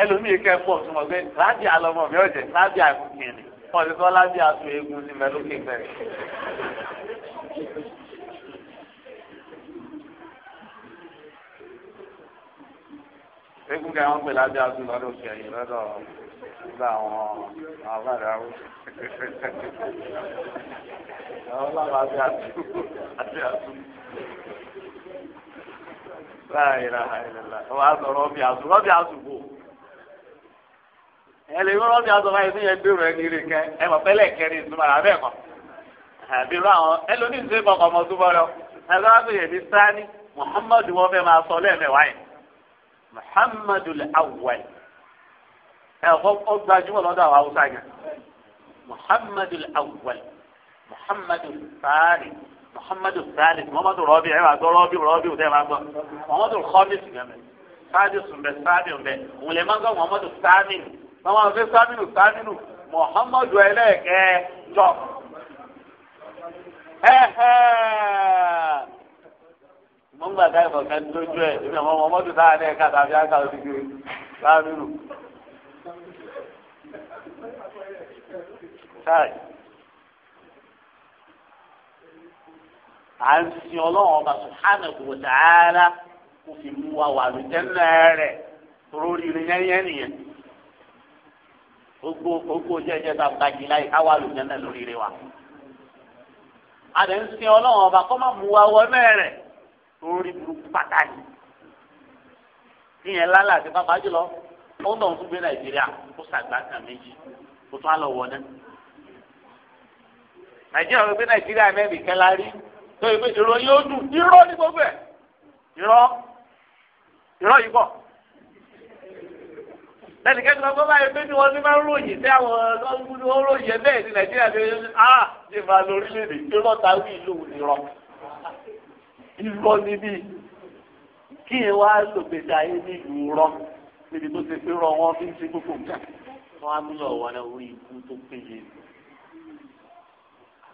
ẹlòmíì kẹ́ pọ̀ tó mọ̀ pé láti àlọ́mọ mi ọ̀jẹ̀ láti àkùnkìnrin wọ́n ti sọ láti àtò eegun sí mẹ́lókè bẹ́ẹ̀. eegun kẹ́ wọ́n pè láti àtò lọ́dọ̀ òkè ẹ̀yìn lọ́dọ̀ nígbà àwọn àbára ó. àwọn lábàá àti àtò àti àtò láàyè láàyè lọ́la wọ́n á sọ rọ́bì àtò rọ́bì àtò bò ẹlẹ ìwé rọbì azọ báyìí níyẹn dèrò ẹni rè kẹ ẹ mọ pẹlẹ kẹrin ìtumọ̀ rà bẹ́ẹ̀ kọ àbí irú àwọn ẹlòmíì ń sèkọ ọmọ túbọ lọ ẹgbẹ wàá fi yẹbi sani muhammadu wọn fẹ́ máa sọ lẹ́ẹ̀mẹ́wàá yẹn muhammadu awwal ẹ ọ gbajúmọ̀ lọ́dọ̀ àwọn haúsá yẹn muhammadu awwal muhammadu sani muhammadu sani muhammadu rọbì ẹ máa gbọ́ rọbì rọbì ò máa gbọ́ muhammadu kọmísì gẹmẹ sáàdì sùnbẹ sáàdì ọbẹ àwọn àfẹ́ sámínú sámínú muhammadu ẹlẹ́ẹ̀kẹ́ jọ. mo ń gbàgbá ìbọn kan lójú ẹ̀ ìbí àwọn ọmọ mọ́tò táwọn ẹ̀ ká tàbí àgbà òdìgbò sámínú. Táì. à ń sin ọlọ́run ọba subhanahu wa ta'ala kò fi mú wa wà lójẹ́ náà rẹ̀ torí rẹ̀ yẹ́nyẹ́ nìyẹn ogbó ogbó jẹjẹ ta gbajú láyé káwá lò jẹ náà lórí rẹ wa. àdé ń sin ọlọ́run ọba kọ́ máa mú wa wọ mẹ́rẹ̀ orí burúkú pàtàkì ìyẹn lálẹ́ àti pápá jùlọ ó ń dọ̀hún fún gbé nàìjíríà ó sàgbà kan méjì ó tún á lọ wọ náà. nàìjíríà ló gbé nàìjíríà mẹ́rin kẹ́lá rí tó ìgbésẹ̀ ìròyìn ó dùn irọ́ ní gbogbo ẹ̀ irọ́ irọ́ yìí bọ̀ lẹ́nìkẹ́ tó bá báyìí pé ní wọ́n ti máa ń ròyìn bí àwọn ọlọ́run ni wọ́n ròyìn bẹ́ẹ̀ ní nàìjíríà ti rí ah ṣe máa lọ èdè tí wọ́n ta wí ìlú ìrọ̀ ìrọ̀ níbí kí ẹ wá lògbèdà ayé ní ìlú rọ níbi tó ti fi rọ wọn fi ń ṣe gbogbo nǹkan wọn á múlò wọn náà orí ikú tó péye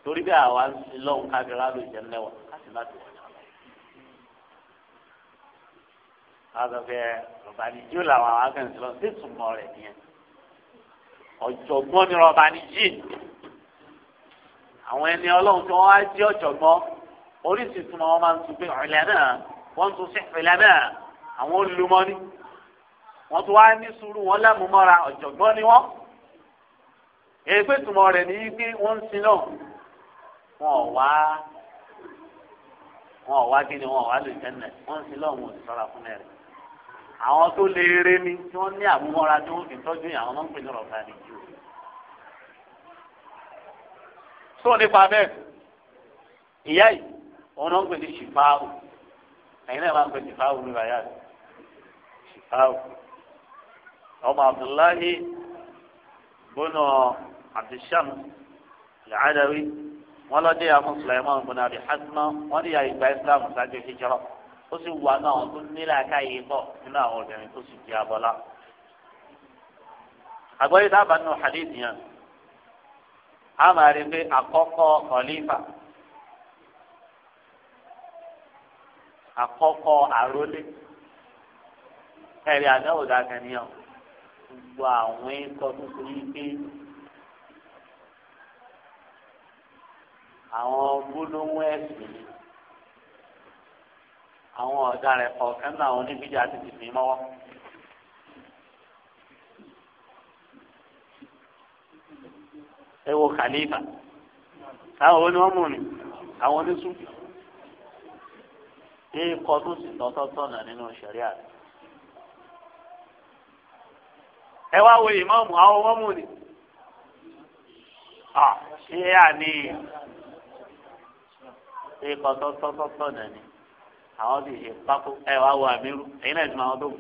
torí bí àwa ń lọ́hùn kábíyá lóye lẹ́wọ̀n láti láti wọ̀ sọ pé rọ̀bàníjú làwọn àwọn akẹ́kọ̀ọ́ lọ sí ìtumọ̀ rẹ̀ nìyẹn ọ̀jọ̀gbọ́n ni rọ̀bàníjì àwọn ẹni ọlọ́run tí wọ́n á jẹ́ ọ̀jọ̀gbọ́n oríṣi wọn máa tún pé ọ̀lẹ́ náà wọ́n tún sí ìpìlẹ̀ náà àwọn olùmọ́ni wọ́n tún wá ní sùúrù wọn lámùmọ́ra ọ̀jọ̀gbọ́n ni wọ́n èyí pé ìtumọ̀ rẹ̀ ní pé ń sin náà wọn ò wọn ò kí ni wọn ò lè jẹ́ nẹ̀ wọ́n ń sin wọn ò sì sọ́ra fún àwọn tó lè ré mi tí wọ́n ní àmúmọ́ra tí wọ́n fi tọ́jú yẹn àwọn náà ń pè ní rọ̀bà ní jù. sọ nípa bẹ́ẹ̀ ìyá yìí òun náà ń pè ní ṣìfáàwù ẹ̀yin náà máa ń pè ní ṣìfáàwù ní bàyà ṣìfáàwù ọmọ Abdullahi bọ́nà abdulsham al-Adawi wọ́n lọ dé àwọn Sulaiman bọ́nà abdulhasma wọ́n ní ìyá ìgbà Islam ṣáájú hijira ó sì wà náà àwọn tó nílẹ̀ akáyé bọ̀ nínú àwọn obìnrin tó sì di abọ́lá. àgbọ̀yé dábàá nínú hadith yẹn a máa rí pé àkọ́kọ́ kọ̀lífà àkọ́kọ́ àrólé ẹ̀rí àdáwò dáadáa gbogbo àwọn ikọ̀ tó yí pé àwọn gbólóhùn ẹ̀sìn àwọn ọ̀gá rẹ̀ kọ̀ọ̀kan náà àwọn oníbíjà ti ti fi mọ́wọ́. ẹ wo khalifa táwọn ni àwọn oníṣú ṣé ikọ̀ tó sì nà nínú ṣẹ̀ríà rẹ̀. ẹ wá wo ìmọ̀ọ́mù àwọn ni ṣé àní ikọ̀ nà ni. àwọn ti ṣe pákó ẹ wá wo àmírù ẹ̀yin náà ti máa wọn tó wù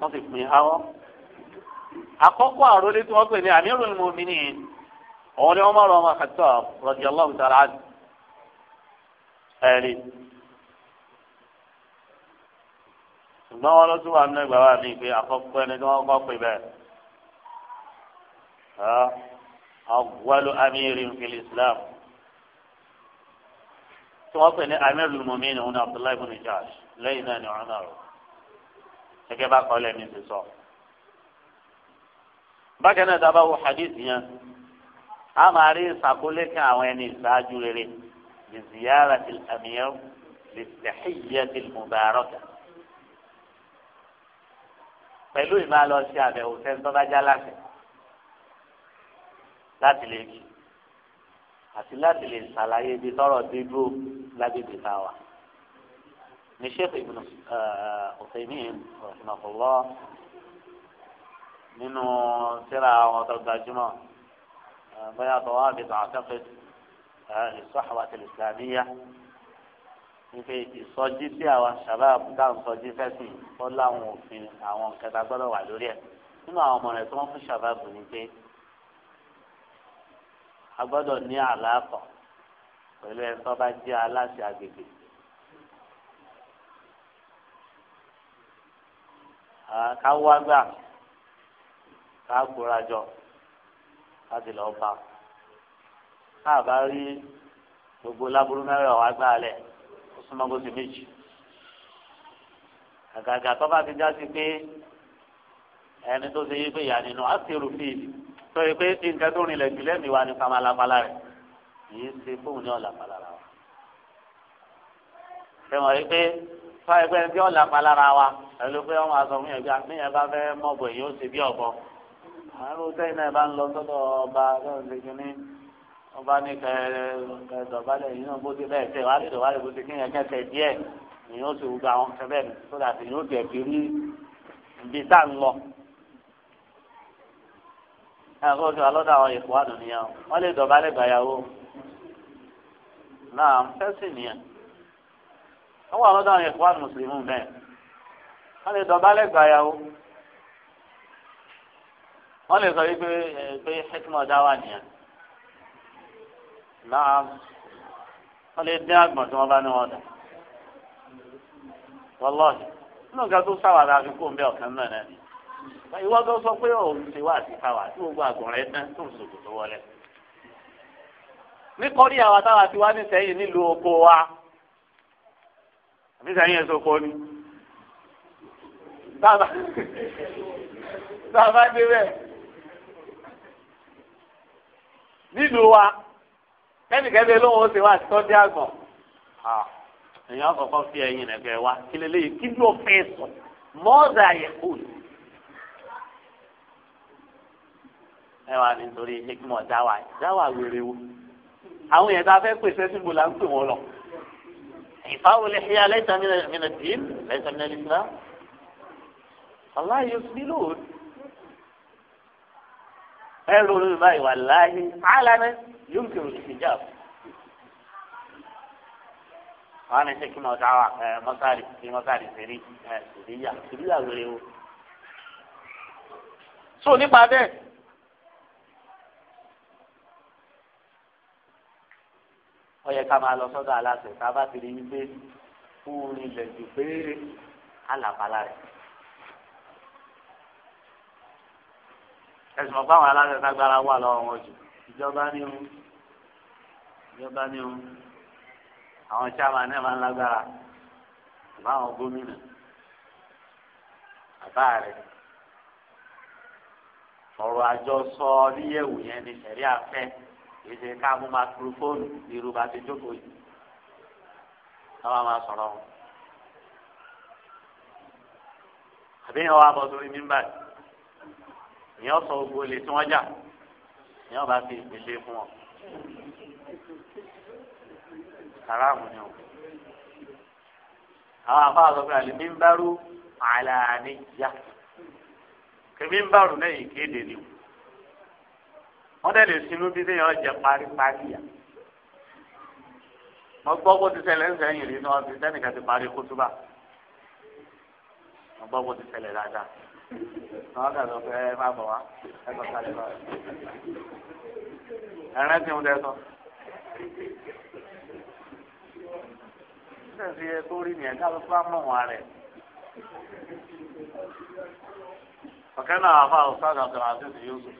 wọ́n ti pín awọ́ àkọ́kọ́ àròlé tí wọ́n pè ní àmírù ni mo mi ní òun ni wọ́n máa rọ ọmọ àkàtọ́ radiyallahu ta'ala anhu ẹ̀rí ṣùgbọ́n wọn lọ tún wà nínú ìgbà wa mi pé àkọ́kọ́ ẹni tí wọ́n kọ́ pè bẹ́ẹ̀ ọ̀gbọ́lù amírin fil Islam tí wọ́n pè ní amẹ́rù mọ̀mínì òun ní abdullahi ibn jash lẹ́yìn náà ní ọ̀nà rẹ̀ gẹ́gẹ́ bá kọ́ lẹ́mí ti sọ. bákan náà dábàá wo hadith yẹn a máa rí ìsàkólé kan àwọn ẹni ìsáájú rere lè ziyara ti amiyar lè tẹ̀xíyẹ ti mubaraka. pẹ̀lú ìmáa lọ sí àbẹ̀wò sẹ́ńtọ́ láti lè kí àti láti lè ṣàlàyé ibi tọrọ dídúró lágbègbè tá a wà. ní sheikh ibn ọ̀sẹ̀míín uh, rahimahullah nínú síra àwọn tó gbajúmọ̀ uh, bóyá tọwọ́ àbí tààtẹ́fẹ́ ìsọ́hàwá tẹlifíàmíyá wípé ìsọjí tí àwọn sàbáàbù tá à fẹ́sìn ó láwọn òfin àwọn kẹta gbọ́dọ̀ wà lórí ẹ̀ nínú àwọn ọmọ rẹ̀ tí wọ́n fún sàbáàbù ni pé a gbọ́dọ̀ ní àlàkọ̀ pẹ̀lú ẹni tó bá jẹ́ aláṣẹ agbègbè. ká wá gbà ká gbóra jọ láti lọ bá ká bá rí gbogbo láburú mẹ́rẹ̀ wá gbà lẹ̀ ó súnmọ́ bó ti méjì. àgàgà tó bá ti já sí pé ẹni tó ṣe yí pé ìyá nínú á ti rú fíìlì sọ yìí pé nǹkan tó rìn lẹ́yìn lẹ́mìí wa ni ká máa lápá lára yìí ṣe fóun ní ọ̀làpá lára wa. ṣé wọ́n rí pé fún ẹgbẹ́ tí ọ̀làpá lára wa pẹ̀lú pé wọ́n máa sọ fún yẹn bí àmìyàn bá fẹ́ mọ̀bọ̀ èyí ó ṣe bí ọ̀bọ. àrùn tẹ́yìn náà bá ń lọ sọ́dọ̀ ọba ọba ní kẹdọ̀bálẹ̀ yìí náà bó ti bẹ́ẹ̀ tẹ̀ wálé ẹ̀kọ́ oṣù alọ́dọ̀ àwọn ìfọ̀ àdùn nìyẹn wọ́n lè dọ̀bálẹ̀ gbàyàwó náà fẹ́sìn nìyẹn wọ́n wà lọ́dọ̀ àwọn ìfọ̀ àdùn mùsùlùmí bẹ́ẹ̀ wọ́n lè dọ̀bálẹ̀ gbàyàwó wọ́n lè sọ wípé pé hekima ọ̀dá wà nìyẹn náà wọ́n lè dín àgbọ̀n tí wọ́n bá ní wọn dà wọ́lọ́ọ̀hì nínú nǹkan tó sáwàdà àfikún bẹ́ẹ̀ ọ̀kan náà náà ìwọ tó sọ pé òun ti wá àti káwà tí gbogbo àgùn rẹ tó ń sòkò tó wọlé nítorí àwa táwa ti wá nísẹ̀yìn nílùú oko wa àbí sẹ́yìn ẹ̀sọ́ kọ́ ni bàbá débẹ̀ nílùú wa kẹ́nìkẹ́ni lóun ti wá àtọ́jú àgbọ̀n èèyàn kọ̀ọ̀kan fi ẹ̀yìn rẹ̀ bẹ̀ wá kí lélẹ́yìn kí ló fẹ́ sọ mọ́ọ̀dà yẹ kúlù. ẹ wà nítorí hikmọ dáwà dáwà wèrè wo àwọn yẹn tá a fẹ́ pèsè síbò là ń pè wọ́n lọ. ìfáwọlẹ̀ ṣíyá lẹ́sẹ̀ mìíràn dín lẹ́sẹ̀ mìíràn ìsìlá. aláyọ̀ sí lóòótọ́. ẹ lórí mi báyìí wà láàyè alánà yóò kéré ìṣèjáàbù wọn ṣe kí wọn dáwà ẹ mọsáàrì kí mọsáàrì sẹrí ẹ sẹríyà sẹríyà lórí o. so nípa bẹ́ẹ̀ ó yẹ ká máa lọ sọ́dọ̀ aláṣẹ tá a bá ti rí i pé fún ilẹ̀ jù péré alàpàlà rẹ̀. ẹ̀sùn ọ̀pá àwọn aláṣẹ tágbára wà lọ́wọ́ wọn jù ìjọba ní o ìjọba ní o àwọn sábà náà máa ń lágbára àbá àwọn gómìnà àbá rẹ̀ ọ̀rọ̀ àjọsọ níyẹ̀wò yẹn ni sẹ̀rí afẹ́ èdè ká mú makurofóònù irú bá ti jókòó yìí káwá máa sọ̀rọ̀ wọn. àbí yẹn wàá bọ̀ sórí mímbà ìyẹn sọ gbogbo ilé tí wọ́n jà ìyẹn bá fi ìpèsè fún wọn. sàrámù ni o àwọn afáà sọ pé àlè mímbàrú àlàáníyà kí náà yìí kéde ni o wọ́n dẹ̀ lè sinú bí sèyàn jẹ paríparí yà mo gbọ́ bó ti ṣẹlẹ̀ ńsẹ̀yìn rí ni wọ́n ti sẹ́nìkan ti parí kútúbà mo gbọ́ bó ti ṣẹlẹ̀ dáadáa wọ́n kà sọ pé ẹ má bọ̀ wá ẹ sọ kalẹ̀ lọ ẹ̀rẹ́ tí mo dẹ sọ. sẹ́sì ẹ tó rí nìyẹn ká ló fún àmọ́ wọn rẹ̀ ọ̀kẹ́ náà àfa ọ̀sán àgbàdo àti yusuf.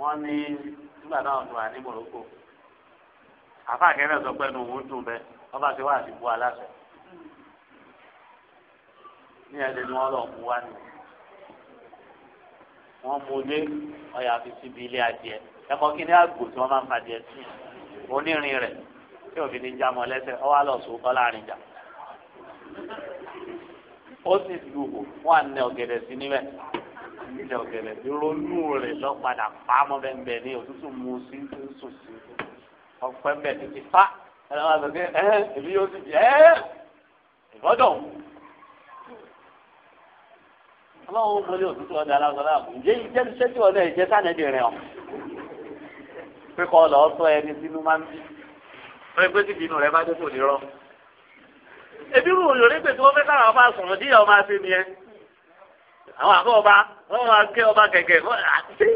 wọ́n ní nígbà táwọn tó wà ní Morocco àfa àkẹ́rẹ́ sọ pé ẹnu òun dùn bẹ́ẹ̀ wọ́n bá ti wá àti bu aláṣẹ ní ẹ̀dẹ̀ ni wọ́n lọ mú wá nìyẹn wọ́n mú lé ọ̀yà fi síbi ilé adìẹ ẹ̀kọ́ kí ni àgbò tí wọ́n máa ń fa adìẹ sí onírin rẹ̀ tí òfin ní jámọ lẹ́sẹ̀ ọ wá lọ sókọ́ láàrin jà ó sì lù wọ́n à ń sí níbẹ̀ ìjà ọ̀gẹ̀lẹ̀ tí ronú rẹ̀ lọ pa mọ́ bẹ́ẹ̀ bẹ́ẹ̀ ní òtútù mu sí sùn sí ọ̀pẹ́ bẹ́ẹ̀ títí fa ẹ̀rọ wa ẹ̀ èmi yóò sì jẹ́ ẹ̀ ọlọ́run mo ní òtútù ọ̀dà alágbọ́dá ǹjẹ́ ìjẹ́ iṣẹ́ tí ọ̀dà ìjẹ́ sànẹ́dì rẹ̀ ọ̀ pé kọ́ lọ sọ ẹni sínú máa ń bí wọ́n gbé síbi inú rẹ̀ bá dé kò ní rọ́ èmi rò yòrè pé tí fẹ́ kára wọn bá sọ̀rọ̀ àwọn àbọ̀ ọba wọ́n máa ké ọba kẹ̀kẹ́ àti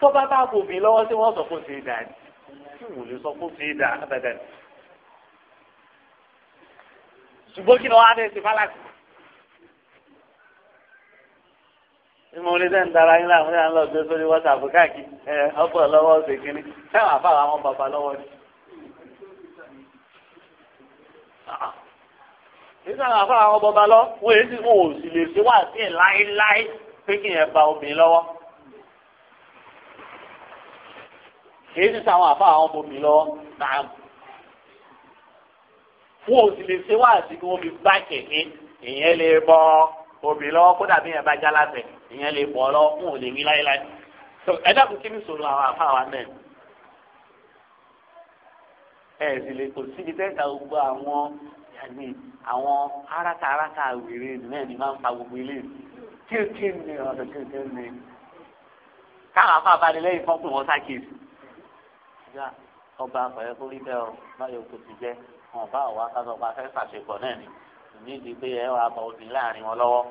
tọ́ba bá bò mí lọ́wọ́ sí wọ́n sọ fún sí ìdá ni tí wò lè sọ fún sí ìdá abẹ́dẹ́ ni. ṣùgbọ́n kí ni wọ́n á dé sí fálàsì. ní mo lè dara yín láàmú náà lọ gbé sórí wọ́sàpù káàkiri ẹ ọ̀pọ̀ lọ́wọ́ ọ̀sẹ̀ kínní ẹ wà fáwọn bàbá lọ́wọ́ ni nínú àwọn afárá àwọn bọba lọ wọn èyí tí wọn ò sì lè ṣe wá sí ẹ láéláé pé kí yẹn ba obìnrin lọ́wọ́ èyí tí sàwọn afárá àwọn bọmi lọ́wọ́ náà wọn ò sì lè ṣe wá sí kí wọn fi bá kẹ̀kẹ́ ìyẹn lè bọ obìnrin lọ́wọ́ kódà bí yẹn bá já látẹ ìyẹn lè bọ lọ wọn ò lè wí láéláé so ẹ dákun kí ni sọ̀rọ̀ àwọn afárá wa náà ẹ sì lè kò síbi tẹ́ka gbogbo àwọn àgbè àwọn arákàrákà wèrè náà ni máa ń fa gbogbo ilé kéèké ni ọ̀dọ̀ kéèké ni káwọn afábánilẹ́yìn fọ́n pè wọ́n sákèsì. ọba àfọyẹ́ kó rí bẹ́ẹ̀ ọ báyọ̀ kò ti jẹ́ wọn bá ọ̀wá kásán pa fẹ́ fàṣepọ̀ náà ni nídìí pé ẹ wàá bá obìnrin láàrin wọn lọ́wọ́.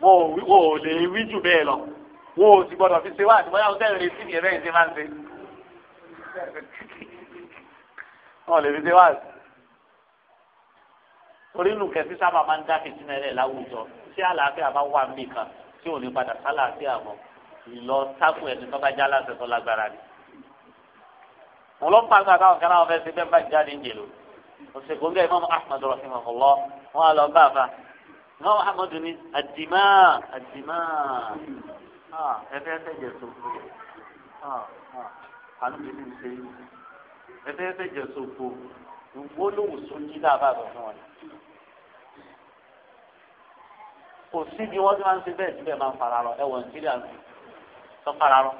wọn ò lè wí jù bẹ́ẹ̀ lọ wọn ò sì gbọdọ̀ fi ṣe wá àti bóyá o tẹ́lẹ̀ retí ni máa ń ṣe. wọn ò lè fi ṣe wá àti torí nù kẹsí sábà máa ń dá fìtínà rẹ̀ láwùjọ tí àlàáfíà bá wà mí kan tí ò ní padà sálàáfíà mọ́ ìlọ tákù ẹni tó bá já láti tó lágbára ni. wọn lọ pàǹkà káwọn kan náà fẹ́ ṣe bẹ́ẹ̀ bá jáde ń jèlò òṣèkóńgẹ́ imam ahmed rahimahullah wọn á lọ bá a fa imam ahmed ní àdìmá àdìmá ẹ fẹ́ fẹ́ jẹ so àánú mi ti ń gbólóhùn sunjí náà bá bọ̀ fún wọn ni. kò sí bí wọ́n ti máa ń ṣe bẹ́ẹ̀ síbẹ̀ máa ń fara rọ ẹ̀wọ̀n nàìjíríà ń sọ fara rọ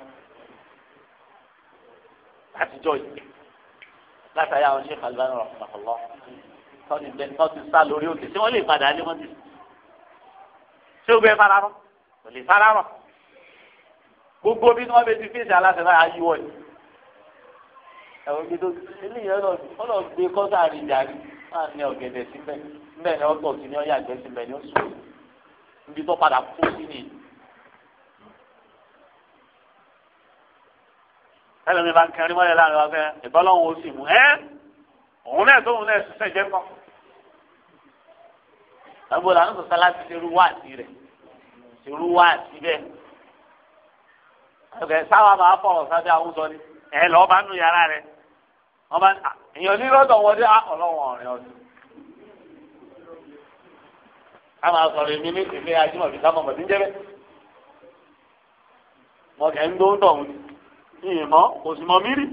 látijọ́ yìí látàrí àwọn ṣe kàlùbánu rọ̀ pàtàkùlọ́ tọ́ni bẹ́ẹ̀ tọ́ ti sá lórí òkè tí wọ́n lè padà ní wọ́n ti ṣé o bẹ́ẹ̀ fara rọ kò lè fara rọ gbogbo bí wọ́n bẹ ti fèsì aláṣẹ náà ayíwọ̀ yìí ẹ̀wọ̀n gbé tó eléyìí ọ̀nà ọ̀nà gbé kọ́tà rí jàrí máa ní ọ̀gẹ̀dẹ̀ síbẹ̀ bẹ́ẹ̀ ni ọ̀tọ̀ sí ni ọ̀yà gbẹ síbẹ̀ ni ó sùn níbi tó padà kú sí ni. ẹlẹ́mi bá ń kẹrin mọ́lẹ̀ láàrin wa fẹ́ ìbọ́lọ́hún ó sì mú ẹ́ òun náà tóun náà ṣiṣẹ́ jẹ́ kọ́. àgbo làwọn sọ̀tà láti ṣerú wáàtí rẹ̀ ṣerú wáàtí bẹ́ẹ̀. ọ̀gẹ̀ sáwà máa fọ̀rọ̀ sábẹ́ àwọn ni ẹ̀ lọ́ọ́ bá nù yàrá rẹ̀ wọn èèyàn ní lọ́dọ̀ wọn dé ọlọ́wọ́n ọ̀rìn ọdún. a máa sọ̀rọ̀ èmi ní ìpínlẹ̀ ajímọ̀bí sábà mọ̀ sí jẹ́bẹ́. wọn kẹ́ ń dóńtọ̀ òun ni ìmọ̀ kò sì mọ̀ mí rí.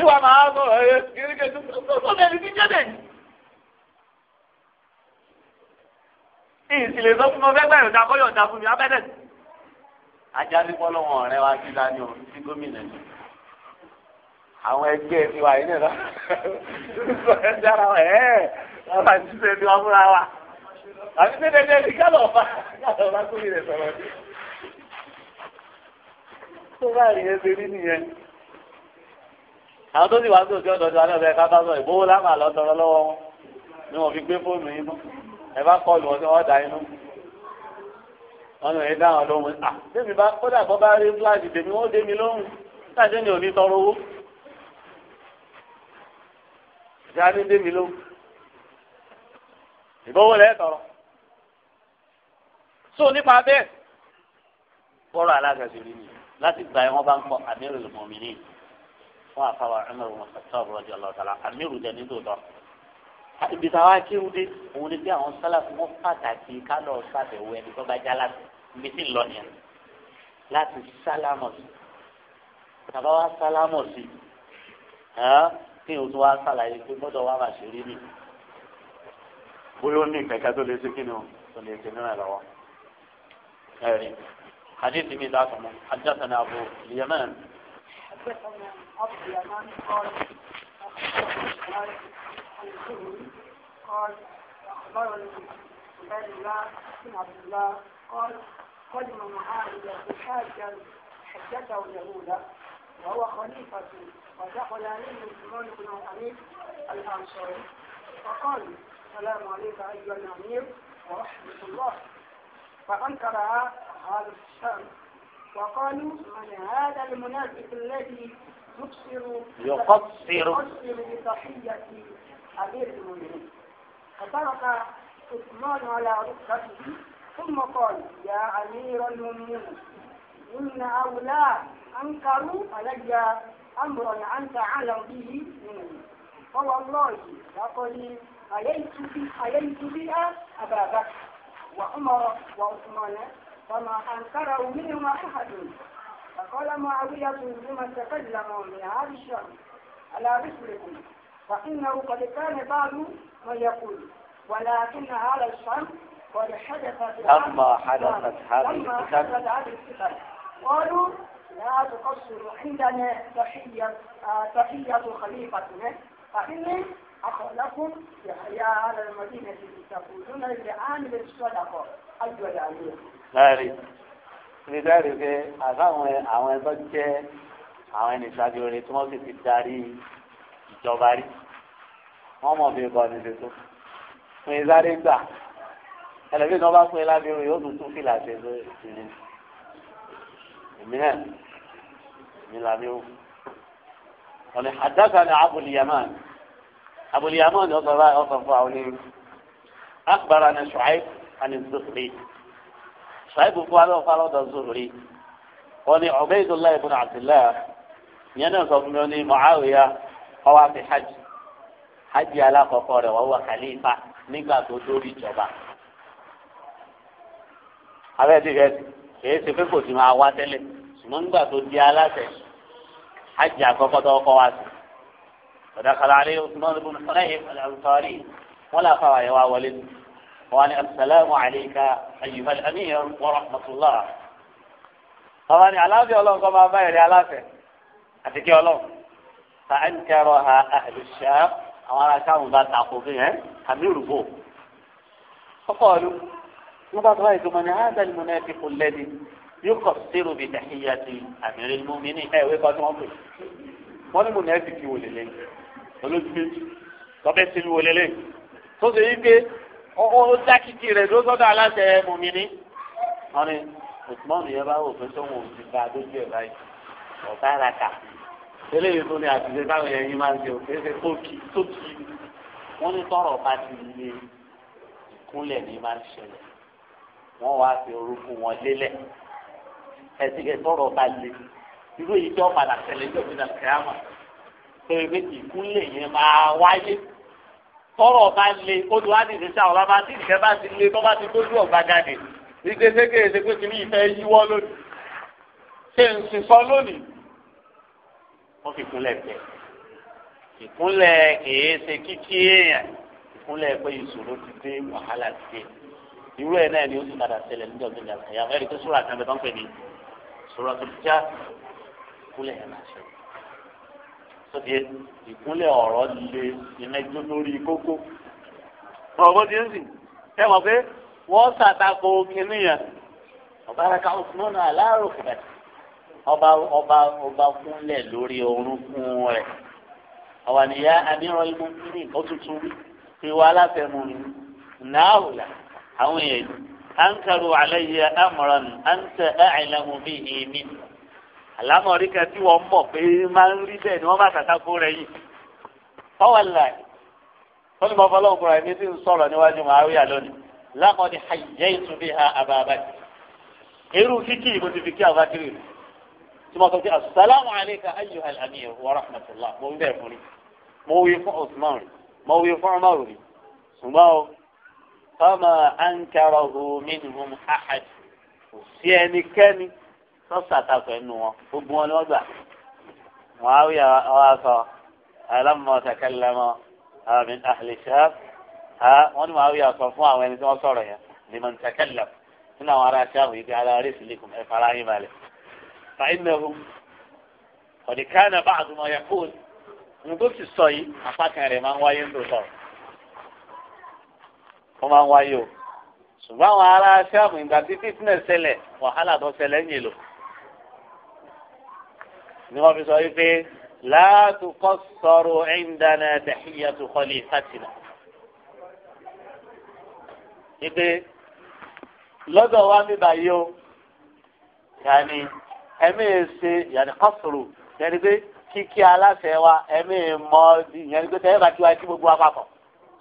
ìwà máa sọ̀rọ̀ ẹ̀ kérékè tó sọ̀rọ̀ ìsìlè sọ fún mi ọgbẹ́ gbẹ̀rún dàkọ́yọ̀ dà mi abẹ́dẹ̀. ajá ní pọ́lọ́wọ́n ọ̀rẹ́ wa sí àwọn ẹgbẹ́ ti wà yín nìyẹn lọ ẹ dára wa ẹ ọba ìdílé ni wọn múra wa àti tẹ́lẹ̀ tẹ́lẹ̀ ní kálọ̀ ọba kálọ̀ ọba kúrò rẹ̀ sọ̀rọ̀ ní. tó bá rí ẹsẹ̀ rí nìyẹn. àwọn tó sì wá sí òsì ọ̀dọ̀ tí wọn náà bẹ ká bá sọ ìgbówó lámà lọ lọ́wọ́ wọn ni wọn fi gbé fóònù inú ẹ bá kọlù wọn sí wọn dà inú wọn lè dáhùn lóhùn à tèmi bá kódà bọ́ bá rí fúláàgì jáde débi ló ìbọwọ́ lẹ́ tọrọ so nípa bẹ́ẹ̀ bọ́rọ̀ alágàsí rí mi láti gba ẹ̀ wọ́n bá ń kọ́ amírù lùmọ̀mìnì fún àfàwà ẹ̀mẹ̀rù wọn sọ̀tọ̀ ọ̀rọ̀dì ọlọ́tàlá amírù jẹ nílò tọ́ ibi táwa kírun dé òun ni bí àwọn sálàfù wọn pàtàkì kálọ̀ sàbẹ̀wò ẹni tó bá já láti ibi lọ nìyẹn láti sálámọ̀ sí tàbá wa sálámọ̀ sí kí n tún wá sàlàyé pé gbọ́dọ̀ wá bàṣẹ rí mi bóyá ó ní ìkẹ̀kẹ́ tó lè ṣe kí ni o tó lè ṣe nínú ẹ̀ lọ́wọ́. ẹ̀rí حديث من ذاكم حدثنا أبو اليمان حدثنا أبو اليمان قال قال أخبرني عباد الله بن عبد الله قال قدم معاذ حاجا حدثه اليهود وهو خليفة ودخل عليه سلمان بن الأمير الأنصاري فقال السلام عليك أيها الأمير ورحمة الله فأنكر هذا الشام وقالوا من هذا المنافق الذي يقصر يقصر بتحية أمير المؤمنين فترك عثمان على ركبته ثم قال يا أمير المؤمنين إن أولاد أنكروا علي أمرا أنت أعلم به مني فوالله لقد أليت بها أبا بكر وعمر وعثمان فما أنكره منهما أحد فقال معاوية لما تكلم من هذا الشر على رسلكم فإنه قد كان بعض من يقول ولكن هذا الشر قد حدث لما حدثت هذه قالوا لا تقصر عندنا تحية تحية خليفتنا فإني أخلقكم يا أهل المدينة تقولون لعامل الصدقة أجود عليكم. láàrin nítorí pé àtàwọn àwọn ẹgbẹ́ jẹ́ àwọn ẹni ìṣáájú rere tí wọ́n sì ti darí ìjọba rí wọ́n mọ̀ bí nǹkan ti ṣètò fún ìsáré gbà ẹlẹ́bí náà bá pín in lábẹ́rún yóò tún tún fìlà ṣe lórí ìṣẹ̀lẹ̀ ìmíràn èmi là ní o ọ̀nà àdáka ni Abul Yaman Abul Yaman ni ọ̀sán báyìí ọ̀sán fún àwọn onírú akbara ni Shu'aib ani Zuhri Shu'aib fún alẹ́ ọ̀fọ́ alọ́dọ̀ Zuhri wọ́n ni Ubaydullah ibn Abdullah ìyẹn náà sọ fún mi ó ní Muawiya ọwọ́ àti hajj hajj alakọkọ rẹ wà wà khalifa nígbà tó dórí ìjọba abẹ́ ti rẹ kìí ṣe pé kò sí máa wá tẹ́lẹ̀ ṣùgbọ́n nígbà tó di aláṣẹ hajj àkọ́kọ́ tó kọ́ wa sí ọ̀dàkàlà àlẹ́ Usman ibn Hunayf al-Ansari wọn là fà wáyé wa wọlé wọn ni asalaamu alayka ayyuhal amir wa rahmatulah wọn ni aláfẹ́ ọlọ́run kọ́ máa bá ẹ̀rẹ́ aláfẹ́ àti kí ọlọ́run fa ẹn kẹrọ ha ahlu àwọn ará sáwọn bá ta kó fi hàn àmì rúbò kọ́kọ́ ọdún wọn bá tọ́ àìsàn mọ́ yóò sírù bí tàhíyà ti àmìrí múmini ẹ wí kọ́ tí wọ́n pè wọ́n ní mo ní ẹ̀sìn kí wòlélẹ́ olójú méjì tọ́bẹ̀ sí mi wòlélẹ́ tó ṣe yín pé ó dákìtì rẹ̀ ló sọ́dọ̀ aláṣẹ múmini wọ́n ní òtúmọ́nù yẹn bá wò pé sóhun òsì bá a dójú ẹ̀ báyìí ọ̀tá ara kà eléyìí tó ní àtúnṣe táwọn yẹn yín máa ń ṣe ti lé ìkúnlẹ̀ ní máa ń ṣẹlẹ̀ wọ́n fi orúkú wọn lélẹ̀ ẹ̀sìn kẹ sọ̀rọ̀ bá le irú èyí tí wọ́n padà tẹ̀lé ní òmìnira kẹ́hámà pé ebi tí ìkúnlẹ̀ yẹn máa wáyé sọ̀rọ̀ bá le olùwádìí ìṣẹ́ṣẹ́ àwọn bàbá tí ìṣẹ́ bá ti le tó bá ti dójú ọ̀gbà jáde ìgbé sékè ṣe pé kí ní ìfẹ́ yíwọ́ lónìí ṣe ń sin sọ lónìí wọ́n fi kúnlẹ̀ bẹ̀ ìkúnlẹ̀ kìí ṣe kíkí èèyàn ìkúnlẹ̀ pé ìṣòro ti dé wàhálà ti dé irú ẹ̀ náà ni ó sì padà ṣẹlẹ̀ níjọ́ gbẹ̀dẹ̀ àyàfẹ́ rí pé sóra kan bẹ tó ń pè ní sọ̀rọ̀ tó já ìkúlẹ̀ yẹn máa ṣe. sọ́dí ìkúlẹ̀ ọ̀rọ̀ lè ìmẹ́jọ lórí kókó. ọ̀rọ̀ ti ń sìn ẹ mọ̀ pé wọ́n ṣàtakò kínní yẹn. ọ̀bá raka ọ̀sùnmọ́ náà láàárọ̀ kẹ̀kẹ́ ọba ọba ọba kúnlẹ̀ lórí orúnkún rẹ̀. ọ̀wà nìyá abirọ̀ imú kínní ó tuntun fi wá aláfẹ́ mu náà wùlà àwọn èèyàn ankaru alayya amran anta a'lamu bihi min alamori kan tí wọn mọ pé máa ń ni wọn bá kàkà kó rẹ yìí fọwọlá wọn ni mo fọlọ ọkùnrin ẹni tí ń sọ̀rọ̀ níwájú Muawiya lónìí lákọọdí hajjaytu biha Aba Bakr irú kíkì ìbò ti fama ankarahu minhum ahad kò sí ẹnikẹ́ni tó ṣàtakò ẹnu wọn gbogbo wọn ni wọ́n gbà wọ́n á wíyà wá sọ alámọ̀ takẹ́lẹ́mọ̀ min ahli sham wọ́n ní wọ́n á wíyà sọ fún àwọn ẹni tí wọ́n sọ̀rọ̀ yẹn liman takẹ́lẹ́m nínú àwọn ará sham yìí bí alárí sílẹ̀kùn ẹ̀ fara yín balẹ̀ fàínàhùn ọ̀dìkánà bá àtúmọ̀ yẹ kóòtù nǹkó ti sọ yìí wọ́n máa ń wáyé o ṣùgbọ́n àwọn ará sáàmù ìgbà tí fitness ṣẹlẹ̀ wàhálà tó ṣẹlẹ̀ ń yè lò ni wọ́n fi sọ wípé láàtú kọ́ sọ̀rọ̀ ẹ̀ńdáná dàhíyà tó kọ́lé fàtìlà wípé lọ́dọ̀ wa mi báyìí o yàní ẹ̀mí ṣe yàní kọ́sùrù yàní pé kíkí aláṣẹ wa ẹ̀mí mọ́ yàní pé tẹ́lẹ̀ bá kí wa kí gbogbo wa papọ̀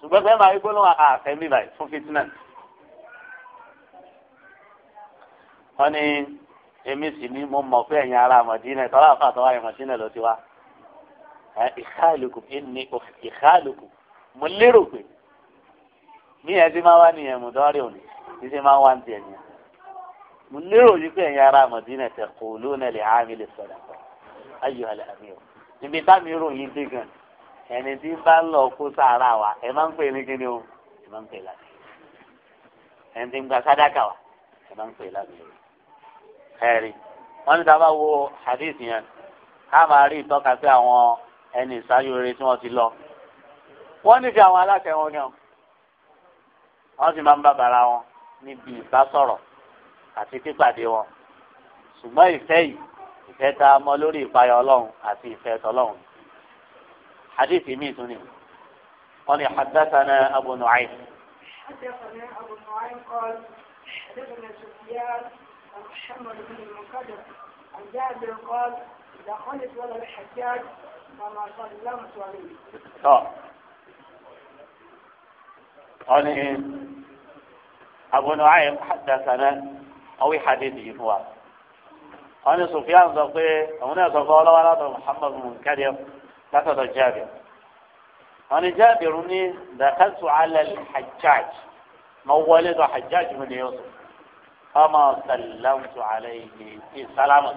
ṣùgbọ́n pé máa gbóná àfẹ́ mi báyìí fún fitinẹ. wọ́n ní èmi sì ni mo mọ̀ pé ẹ̀yin ará Mọ̀dínà tọ́lá àfa àtọ́wá ẹ̀ Mọ̀dínà ló ti wá. ìkálukú ẹni ìkálukú mo lérò pé ní ẹ ti máa wá ní ẹ̀mú dọ́rí òní ti ti máa wá ní tiẹ̀ nìyẹn. mo lérò yìí pé ẹ̀yin ará Mọ̀dínà tẹ̀ kó lónà lè sọ̀rọ̀ ayọ̀ àlẹ́ àmì ò níbi táàmì ẹni tí bá lọ kó sàárà wa ẹ máa ń pè ní kíni o ẹ máa ń pè lánàá ẹni tí ń gba sádàkà wa ẹ máa ń pè lánàá ẹ̀rí wọ́n ní dábàá wo hadith yẹn ká máa rí ìtọ́ka sí àwọn ẹni ìsáyò rere tí wọ́n ti lọ wọ́n nífi àwọn aláṣẹ wọn ni ọ wọ́n sì máa ń bá bàrà wọn níbi ìbásọ̀rọ̀ àti pípàdé wọn ṣùgbọ́n ìfẹ́ yìí ìfẹ́ tá a lórí ìpayọ̀ ọlọ́run àti ìfẹ́ tọlọ́run حديث ميزني قال حدثنا أبو نعيم حدثنا أبو نعيم قال حدثنا سفيان محمد بن المنكدر عن جابر قال دخلت ولا الحجاج فما سلمت عليه. اه. قال إيه؟ أبو نعيم حدثنا أو إيه حديثه هو. قال سفيان صفي هنا صفى ولا محمد بن المنكدر látọ̀dọ̀ Jabir wọn ni Jabir ní dàkàtù alẹ́ Hajjaj mọ wọlé dọ̀ Hajjaj mi ni Yusuf ọmọ sàlámù alẹ́ yìí ìsàlámù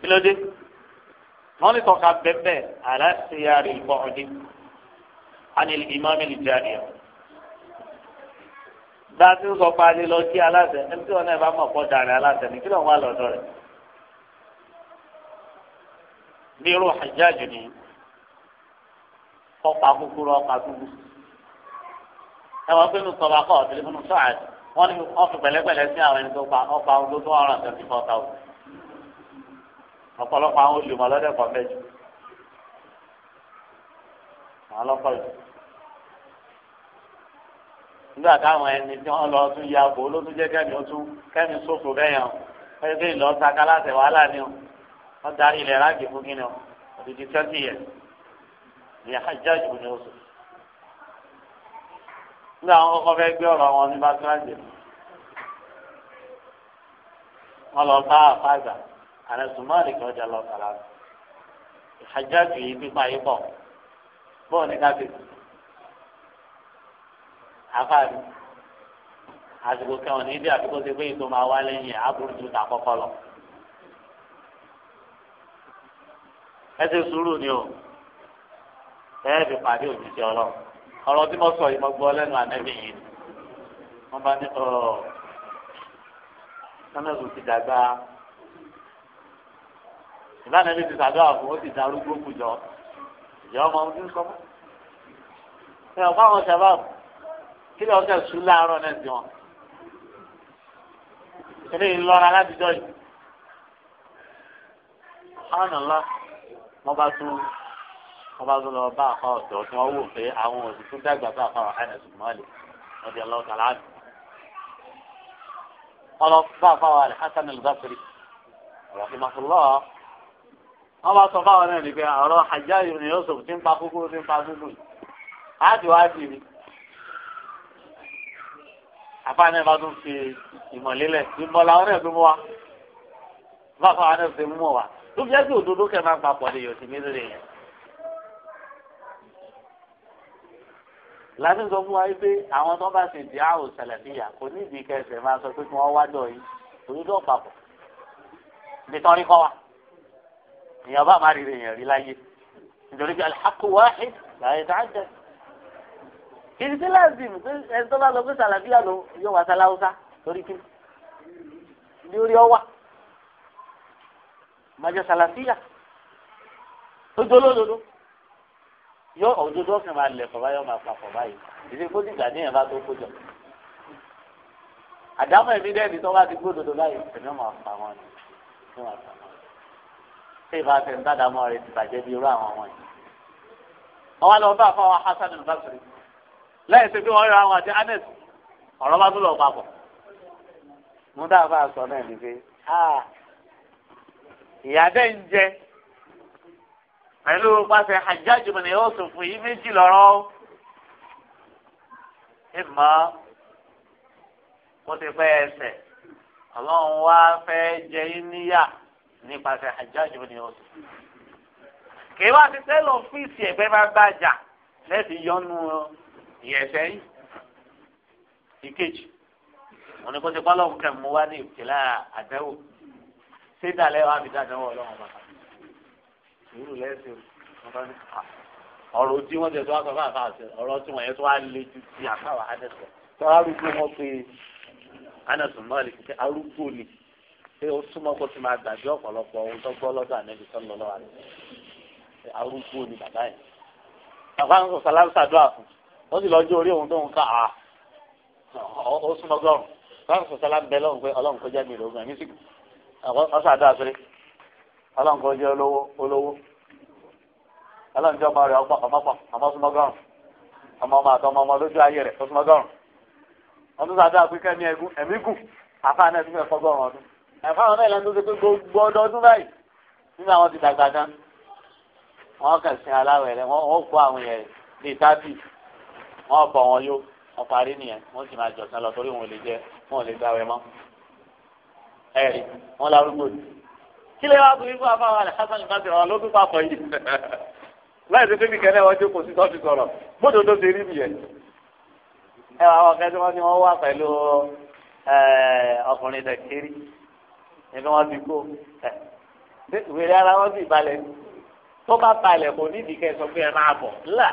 kílódé wọn ni tọ́ka bẹ́ẹ̀ aláṣẹ́yàrí bọ́ọ̀dé àni ìmáàmì Jabir dáa tí ń sọ pé alẹ́ lọ kí aláṣẹ ẹni tí wọn náà bá mọ̀ pọ̀ dàrẹ́ aláṣẹ ni kí lóun wà lọ́dọ̀ rẹ̀ bí irú àjájú ni ọ̀pá kúkúrú ọ̀pá dúdú. ẹ wọ́n pé nùsọ̀ bá kọ́ ọ̀dẹ́lẹ́ fún nùsọ̀ àti wọ́n ní wọ́n fi pẹ̀lẹ́pẹ̀lẹ́ sí àwọn ẹni tó pa ọ̀pá ọdún tó ọ̀ràn twenty four thousand. ọ̀pọ̀lọpọ̀ àwọn olùmọ̀ lọ́dẹ̀ kan bẹ́ẹ̀ jù àwọn lọ́pọ̀ jù. nígbà táwọn ẹni tí wọ́n lọ tún ya bò ló tún jẹ́ kẹ́mi ó tún kẹ́mi ṣòfò bẹ́yàn ó yẹ kí ìlọ́ta kálá wọ́n darí ilẹ̀ ráàgì fún kíni o tòdì tẹ́tì yẹn ní Hajjaj ibn Yusuf nígbà àwọn kọ́kọ́ fẹ́ gbé ọ̀rọ̀ wọn ní bàtúrẹ́jì wọn lọ bá àfáàgbà àrẹ̀sùmáàlì kí ọjà lọ sàrà Hajjaj yìí pípa yìí pọ̀ bọ́ọ̀ ní káfíńsì àfáàgbà àsìkò kẹwọn ní ibi àfikún ti pé ètò máa wá lẹ́yìn àbúrò ju tàkọ́kọ́ lọ. ẹ ṣe sùúrù ni o ẹ fi pàdé òjijì ọlọ ọ̀rọ̀ tí mo sọ yìí mo gbọ́ lẹ́nu ànẹbí yìí wọn bá ní ọ sọmẹsùn ti dàgbà ìbánẹbí ti sàdúrà fún ó ti darúgbó kù jọ ọmọ ọmọdé ń sọmọ ẹ ọba àwọn sábàbù kí ló ń sùn láàárọ̀ náà sí wọn eléyìí lọ́ra láti jọ yìí. Subhanallah wọ́n bá tún wọ́n bá tún lọ bá àpá ọ̀dọ́ tí wọ́n wò pé àwọn òsì tún dàgbà bá àpá ọ̀hánà sùmọ́lì wọ́n di ọlọ́ọ̀tà láàbì. wọ́n lọ bá àpá wa rẹ̀ hasan al-basri rahimahullah wọ́n bá sọ fáwọn náà nígbà ọ̀rọ̀ hajjáyé ni yóò sọ̀rọ̀ tí pa kúkúrú tí pa dúdú láti wá sí mi. àpá náà bá tún fi ìmọ̀lélẹ̀ ìmọ̀lá tó fi jẹ́ pé òdodo kẹ́ máa papọ̀ lè yọ̀ sí mi lórí yẹn. láti sọ fún wa pé àwọn tó bá sì di àrùn sẹlẹ̀fìyà kò ní ìdí kẹsẹ̀ máa sọ pé kí wọ́n wá dọ̀ yìí òdodo papọ̀ bí tán rí kọ́ wa èèyàn bá má rí yẹn rí láyé nítorí pé alḥaqu wáhid láyé dáadáa kìí sí láàzìm pé ẹni tó bá lọ pé sàlàfíà ló yọ wá sálá haúsá lórí kí ni orí ọwà màjọ sàlàfíà ojú olódodo yọ òdodo ọ̀sìn máa lẹ̀ fọ̀bá yọ máa pa fọ̀bá yìí ìdí kó dìgbà ní ẹ̀fà tó kójọ àdámọ̀ ẹ̀mí dẹ́ni tó bá ti gbódodo báyìí ẹ̀mí ọmọ àpá wọn ni ní wọn àpá wọn ṣé ìbá tẹ̀ ń dádàmọ́ rẹ̀ ti bàjẹ́ bí irú àwọn wọn yìí àwọn lọ bá fáwọn Hasan al-Basri lẹ́yìn tí wọ́n yọ àwọn àti Anes ọ̀rọ̀ bá tó lọ papọ̀ mo dáa bá a sọ náà ní ìyá dẹ́ ń jẹ pẹ̀lú pàṣẹ Hajjaj ibn Yusuf fún yìí méjì lọ́rọ́ ìmọ̀ kó ti pẹ́ ẹsẹ̀ ọlọ́run wá fẹ́ jẹ yín níyà nípasẹ̀ Hajjaj ibn Yusuf kì í wá ti tẹ́lẹ̀ ọ́fíìsì ẹ̀gbẹ́ bá gbàjà lẹ́sìn yọnu ìyẹ̀sẹ̀ yìí ìkejì wọn ni kó ti pọ́ lọ́hùn kẹ́ mú wá ní ìpìlẹ̀ àdẹ́wò sédà lẹ́wọ̀n àbí dáadáa ọlọ́run bàbá sùúrù lẹ́sìn ah, ọ̀rọ̀ tí wọ́n tẹ̀ tó wá sọ fún àfàṣẹ ọ̀rọ̀ tí wọ́n yẹ tó wá lé ju ti àfàwà àdẹ̀sọ̀ tó arúgbó wọn pé anasùn náà lè fi arúgbó ni pé ó súnmọ́ kó ti máa gbàgbé ọ̀pọ̀lọpọ̀ ohun tó gbọ́ lọ́dọ̀ ànẹ́bí sọ́nà lọ́wọ́ rẹ̀ arúgbó ni bàbá yẹn bàbá ń sọ sàlámsà dọ́à fún ó sì lọ́jọ́ orí ohun tó ń ká à ah, ó súnmọ́ gọ́rùn bàbá ń sọ sàlámsà bẹ́ẹ̀ ọ̀sà dáàfin ọlọ́run kò jẹ́ olówó olówó ọlọ́run jẹ́ rẹ̀ ọgbọ́n ọmọpọ̀ ọmọ ọmọ ọmọ àtọmọ ọmọ lójú ayé rẹ̀ tó súnmọ́gọ́rùn wọn tún sàdá pé kẹ́mi ẹ̀mí gùn àfáà náà tún fẹ́ fọ́gọ́rùn ọdún ẹ̀fáwọn náà lẹ́nu tó ṣe pé gbogbo ọdọọdún báyìí nínú àwọn ti dàgbà gan wọn kàn sin aláwẹ̀ rẹ̀ wọn kó àwọn yẹn bíi tábì wọn bọ̀ wọn yó wọn nìyẹn wọn sì máa jọ̀sán lọ torí wọn ò lè jẹ wọn ò lè gbàwẹ̀ mọ́ ẹ̀rí wọn lárúgbó ni kí lè wá bu ikú afáwọn alẹ́sàtàn ìbáṣẹ wọn ló tún papọ̀ yìí láì ṣe pébì kẹ́lẹ́ wọn jókòó sí tọ́jú sọ̀rọ̀ bóde tó ṣe rí nìyẹn ẹ wà wọn kẹ́sí wọn ni wọ́n wà pẹ̀lú ọkùnrin nàìjírí ẹni wọn ti kó wèrè ara wọn sì balẹ̀ tó bá balẹ̀ kò ní ìdíkẹ́ sọ pé ẹ máa bọ̀ ńlá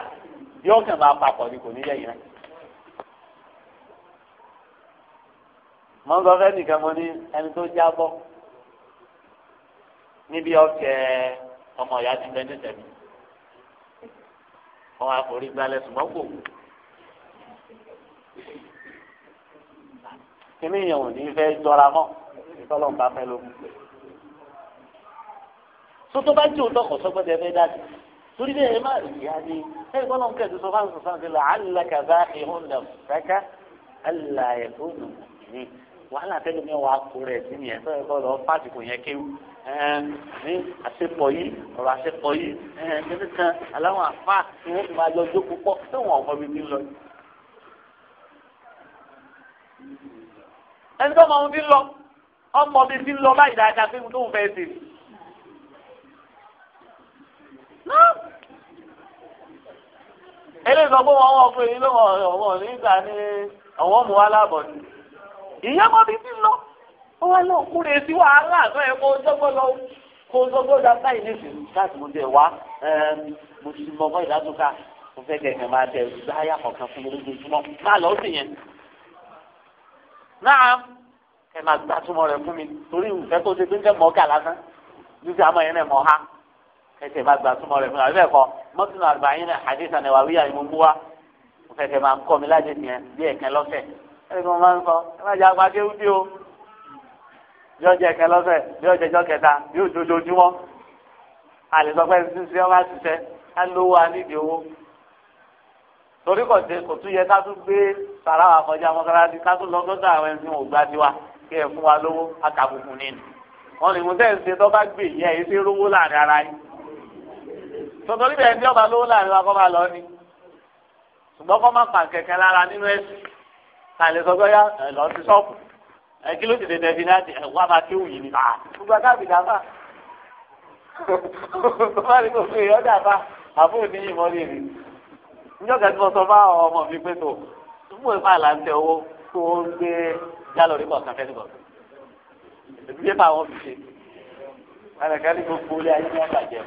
yóò kàn papọ̀ ni kò ní yẹ yìí mọ n sọ fẹ nìkan mo ní ẹni tó jábọ́ níbi ọkẹ ọmọ ìyá ti bẹ nítẹmí ọmọ àforí gbalẹ ṣùgbọ́n kò kíní yẹn ò ní fẹ́ jọra mọ́ ìtọ́lọ́n bá fẹ́ ló mú pé bá jẹ́ òótọ́ kò sọ́gbọ́n dájú torí bẹ́ẹ̀ má rí ìyá ni ẹ gbọ́dọ̀ ń kẹ́sì sọ fáwọn sọ̀tàn sí la alaka bá ihun nà fẹ́ká alàyẹ̀kọ́ nù ní wàhálà tẹ́lẹ̀ mi wàá kó rẹ̀ sí yẹn fẹ́ẹ́ kọ́ lọ fásitì yẹn kéwù ní àṣepọ̀ yìí ọ̀rọ̀ àṣepọ̀ yìí níbi kan aláwọ̀ àfa ni wọ́n ti máa lọ jókòó pọ̀ tó wọn ọ̀fọ́ mi ti lọ. ẹni tó máa ń fi lọ ọmọ mi ti lọ báyìí dáadáa pé tó ń fẹ́ sí i. eléyìí sọ pé wọn wọ fún èyí ló wọ ọmọ nígbà ní àwọn ọmọ wa láàbọ̀ ni ìyá máa fi sí lọ ó lọ kúrè sí wàhálà àtọ ẹ kó dọgbọ lọ kó dọgbọ dá báyìí ní ìsìn káàtì mo dé wá mo ti mọ ọmọ ìdádúgà mo fẹ́ kẹ̀kẹ́ máa tẹ gbáyà kọ̀ọ̀kan fún mi lójoojúmọ́ máa lọ sí yẹn náà ẹ máa gbà túmọ̀ rẹ̀ fún mi torí ìfẹ́ tó ṣe gbẹ́ngẹ́ mọ́ọ́kà lásán nígbà àmọ́ yẹn náà mọ́ ha kẹsẹ̀ máa gbà túmọ̀ rẹ̀ fún mi àbí bẹ́ẹ̀ mọ́tún àgbà yín àdéhùn àwáwí àìmọ́ ẹ̀gbọ́n máa ń sọ ẹ má jẹ agbadé o bí ọjà ẹkẹ lọ́sẹ̀ bí ọjà ẹjọ kẹta bí ojoojúmọ́ àlèsọpẹ ṣíṣe ọmọ àṣìṣe alówó anídìí owó torí kò tẹ kò tún yẹ ká tún gbé sàràwà kọjá mọ́kàlásí ká tún lọ sọ́dọ̀ àwọn ẹni wọn gbá tiwa kí ẹ fún wa lówó akàbùkù nínú wọn lè mú sẹ́yìn ṣe tó bá gbé èyí sí rówó láàrin ara yín tòtòrí bẹ́ẹ̀ ní ọba lówó láàrin wa kọ́ máa lọ ni ṣùgbọ́n kọ́ máa pàǹkẹ̀kẹ́ lára nínú ẹ̀sìn kàlẹ́ sọ gbọ́yà lọ sí sọ́ọ̀pù kí ló ti dẹ̀dẹ̀ fi láti ẹ wá máa kéwù yìí ni. gbogbo akáàbì dáfà bá ní kò fún èèyàn dáfà àbúrò ní yìí mọ́ lè rí. níjọ́ kẹ́tí mo sọ fáwọn ọmọ mi pé tó mú ìfà láǹtẹ̀ owó kó o gbé jálọ̀ rí kọ̀ọ̀kan fẹ́ẹ́ nìkan. ìdílé bá wọn fi ṣe gbogbo ilé ayé ní àgbàjẹ́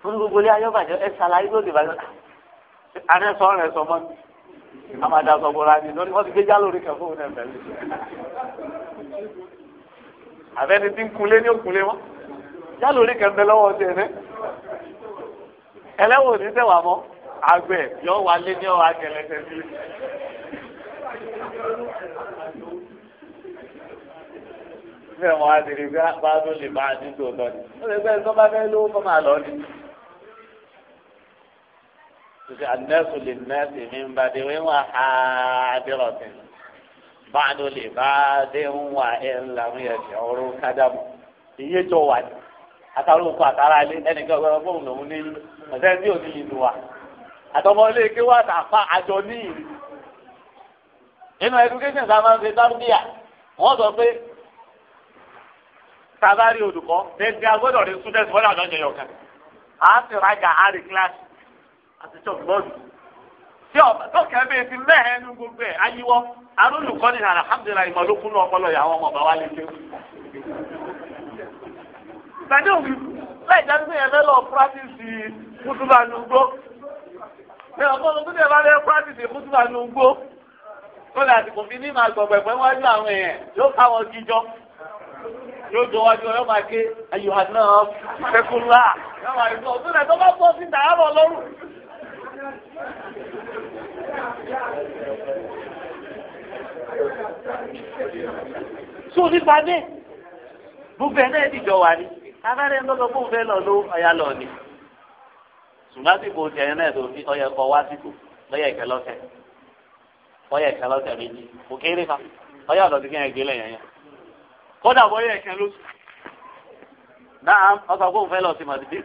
fún gbogbo ilé ayé ọ̀bàjẹ́ ẹ ṣàlàyé lóde ìbàdàn àrẹ sọ ọ̀rẹ́ sọ mọ́ mi a máa da sọ bọ́ra ni lórí wọ́n ti gbé jálórí kan fóun náà pẹ̀lú. àbẹ́ni tí ń kunlé ní òkunlé mọ́ jálórí kan bẹ lọ́wọ́ ti ẹ̀rẹ́ ẹlẹ́wọ̀n ní tẹ̀wà mọ́ àgbẹ̀ yọ wà lé ní ọ̀wà kẹlẹ́tẹ̀ sí. bẹ́ẹ̀ wọ́n á ti rí bá a tó lè máa ní tòótọ́ ó lè gbẹ́ sọ́ba fẹ́ lówó kọ́ máa lọ tuntun anẹ́sù lè nẹ́ẹ̀sì mi ń bàdé wọ́n wà á dẹ̀rọ̀ tẹ̀. báàdó lè bá dé ń wà ẹ̀ ń làwọn yẹn ti ọ̀rọ̀ kádàmù. iye jọ wà ní àtàwọn òkú àtàrà ilé ẹnìkan ọgbẹ́rún fóun lòún ní ọ̀sẹ̀ tí ò ní ìlú wa. àtọmọ ilé ike wà tàfà àjọ níyì. inú education ta máa ń ṣe sábúdíà wọ́n sọ pé tabari olùkọ́ ẹgbẹ́ agbọ́dọ̀ rẹ̀ student wọ́n làwọn ọ̀dọ́ àti ṣọ́ọ̀bù tí ọba tó kẹ́ bẹ́ẹ̀ ti mẹ́hẹ́ nu gbogbo ẹ̀ ayíwọ́ arólùkọ́ ni alhamdulilayi ìmọ̀ ló kún ní ọpọlọ ìyàwó ọmọ bàbá lè ṣe. Ìgbàdí òwì láì dájú pé ẹ̀fẹ́ lọ pírátìsì kútùbà nu gbó. Ní ọ̀pọ̀ lọ́dún tí ẹ bá lẹ́ pírátìsì kútùbà nu gbó. Tó lè àsìkò fi ní màá gbọ̀gbẹ̀ pẹ́ wájú àwọn èèyàn yóò ká wọn jíjọ. Yóò jọ wájú ọ yóò máa ké ayò àná fẹkúnlá. Yóò máa tó nípa bẹ́ẹ̀ gbogbo ẹ̀ náà dìjọ wà ní abẹ́rẹ́ ńlọ́gbọ́ fún fẹ́ lọ ló ọ̀yà lọ ni ṣùgbọ́n àsìkò tiẹ̀ náà tó fi ọyẹ kọ wá síkò lọ́yẹ̀ ìkẹ́ lọ́sẹ̀ lọ́yẹ̀ ìkẹ́ lọ́sẹ̀ méjì kò kéré fa ọyẹ ọ̀dọ̀ ti kẹ́yìn gbélé yẹn yẹn kódà bọ́yẹ̀ ìkẹ́ lóṣù náà ọkọ̀ fún fẹ́ lọ sí mọ̀tìbí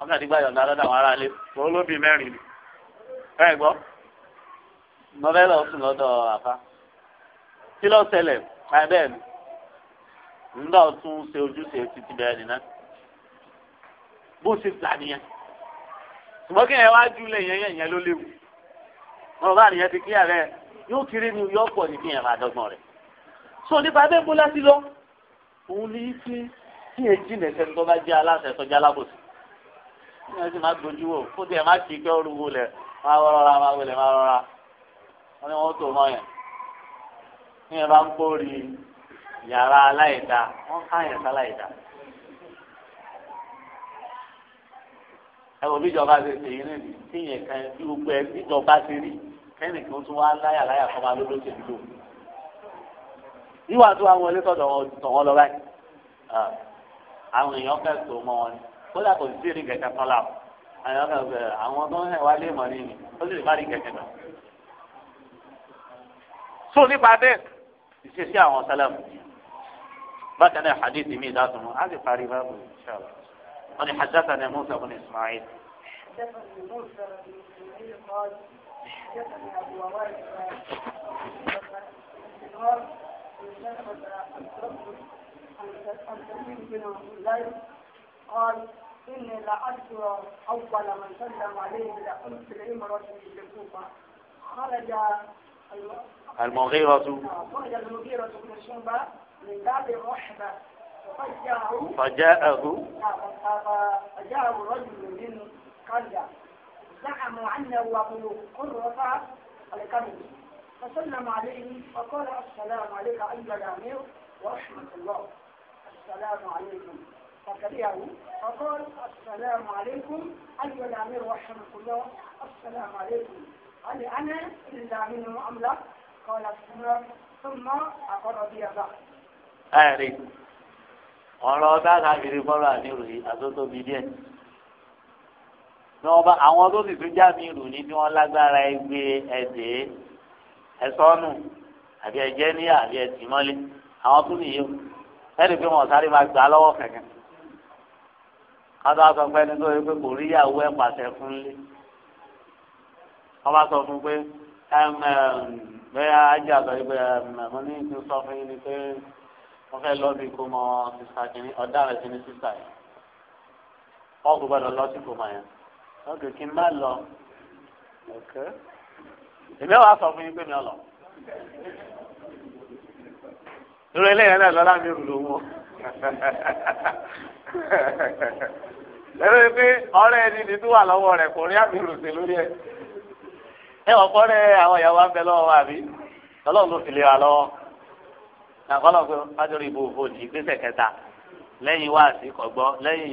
wọn kàdí gbà yọ̀ǹda lọ́dọ̀ àwọn aráalé wọn ló bí mẹ́rin ni ẹ gbọ́ nọ́vẹ́là ọ̀sùn lọ́dọ̀ àfa kí ló ṣẹlẹ̀ ẹ bẹ́ẹ̀ ni ńlá ọ̀tún ṣe ojúṣe títí bẹ́ẹ̀ nìyẹn bó ṣe gbà nìyẹn ṣùgbọ́n kí ẹ wá júlẹ̀ yẹn yẹn ló léwu wọn bá nìyẹn ti kíyà rẹ yóò kiri ni yóò pọ̀ ní kí yẹn máa dọ́gbọ́n rẹ̀ so nípa bẹ́ẹ̀ bó láti lọ òun ní kí kí ẹ jìnà ẹsẹ̀ tó bá jẹ́ aláṣẹ tó jẹ́ alábòsí ní ẹsìn má gbójú wò kó tiẹ̀ má ti kẹ́ orúkú lẹ̀ má rọra má wẹlẹ̀ má rọra wọn ni wọn tó mọ yẹn ní ẹ bá ń kórì yàrá aláìda wọn ká yẹn sá aláìda ẹ wò bíjọba ṣe ṣèyí nìyí tíyẹn kan bí gbogbo ẹ bíjọba ṣe rí kẹ́ni kí wọ́n tún wá láyà láyà kọ́ máa ló ṣe dúró yíwá tó àwọn ilé tọ̀dọ̀ wọn lọ báyìí àwọn èèyàn fẹ́ tó mọ́ wọn ni kódà kò sí rí kẹ̀kẹ́ kan láàbù àwọn tó ń hẹ̀ wá lé mọ̀ ní ni ó sì lè má rí kẹ̀kẹ́ kan. so nípa bẹ́ẹ̀ ìṣesí àwọn sálẹ̀mù bákan náà hadith mi ìdásùn mọ́ á sì parí báàbò ìṣàlọ́ wọn ni hajjata ni musa bin ismail. قال قال إني لأذكر أول من سلم عليه بالإمرة في الكوفة خرج المغيرة خرج المغيرة بن شعبة من باب الرحبة فجاءه فجاءه فجاءه رجل من قرية زعموا عنه وابو قرة الكلب فسلم عليه فقال السلام عليك أيها الأمير ورحمة الله السلام عليكم فكرهه فقال السلام عليكم أيها الأمير رحمه الله السلام عليكم هل أنا إلا منه أم لا؟ قال السلام ثم أقر بي ẹ̀rí ọ̀rọ̀ ọba káfíìrì fọ́lọ́ àmírù yìí àtótóbi díẹ̀ ní ọba àwọn tó sì tún já mírù ní bí wọ́n lágbára ẹgbẹ́ ẹ̀dẹ́ ẹ̀sọ́nù àbí ẹ̀jẹ̀ níyà àbí ẹ̀tìmọ́lé àwọn tó nìyí ẹ̀rí pé wọ́n sáré máa gbà á kankan kátó wá sọ pé ẹni tó yẹ pé kò rí ìyàwó ẹ̀ pàṣẹ fún lé wọ́n bá sọ fún pé bẹ́ẹ̀ ajé àgbà yìí pé mo ní kí n sọ fún yín ni pé wọ́n fẹ́ lọ bí kó mọ sísá kìíní ọ̀dà rẹ̀ sí ní sísá yìí wọ́n kò gbọ́dọ̀ lọ sí kò mọ̀ yẹn wọ́n kò kí n má lọ èmi wàá sọ fún yín pé mi ò lọ. irú eléyìí náà lọ́la mi rù lówó *laughs* lẹ́nu pé ọ̀rẹ́ ẹni ni tó wà lọ́wọ́ rẹ̀ kò rí àmì rùsè lórí ẹ̀ ẹ ọ̀pọ̀ rẹ̀ àwọn ìyàwó abẹ lọ́wọ́ wa àbí ọlọ́run ló fi lè wà lọ́wọ́ nàkọ́lọ́ pé adórí ìbò òfò ní ìgbésẹ̀ kẹta lẹ́yìn wá sí kọ̀gbọ́ lẹ́yìn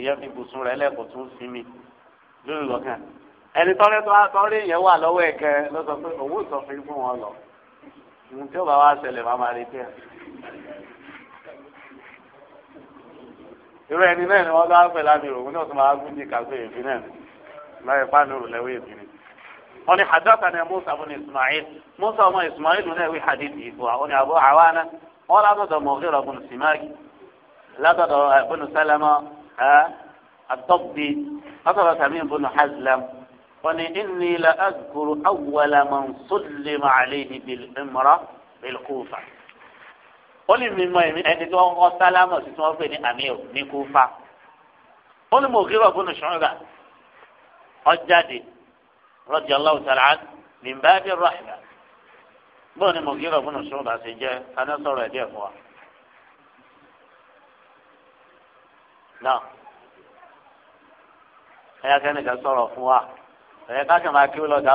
ìyẹn fi bùsùn rẹ̀ lẹ́kùn tún sí mi lórí lọ́kàn ẹni tọ́lẹ́ tọ́lẹ́ yẹn wà lọ́wọ́ ẹ̀kẹ́ lọ́sọ pé òun ìsọfin fún wọn lọ irú ẹni náà ni wọ́n bá pẹ̀ láti rògbò náà tó máa gún jìkà pé èéfín náà lọ́yẹ̀ pàánù rò lẹ́wọ́ èéfín ni. wọ́n ní hadaka ni musa fún ismail musa ọmọ ismail náà wí hadith ìfọ àwọn ni àbọ̀ àwa náà wọ́n látọ̀dọ̀ mọ̀ọ́kẹ́rọ̀ bùn simaki látọ̀dọ̀ bùn sálámà àtọ́bí látọ̀dọ̀ tamim bùn hazlam wọ́n ní inni la agkuru awwala man sallama alayhi bil imra ó lè mímọ ẹni tí wọ́n kọ́ sálámọ̀ sí tí wọ́n pè ní amíl ní kúfà ó ní mòkè rọ̀ bùnú ṣọ́nra ọjáde radiyallahu ta'ala ní báàbí rahma bó ni mòkè rọ̀ bùnú ṣọ́nra ṣe jẹ́ anásọ̀rọ̀ ẹ̀dí ẹ̀fọ́ wa. náà ẹ̀yà kẹ́nìkan sọ̀rọ̀ fún wa ẹ̀yà ká kẹ́ máa kí ó lọ́ọ́ dá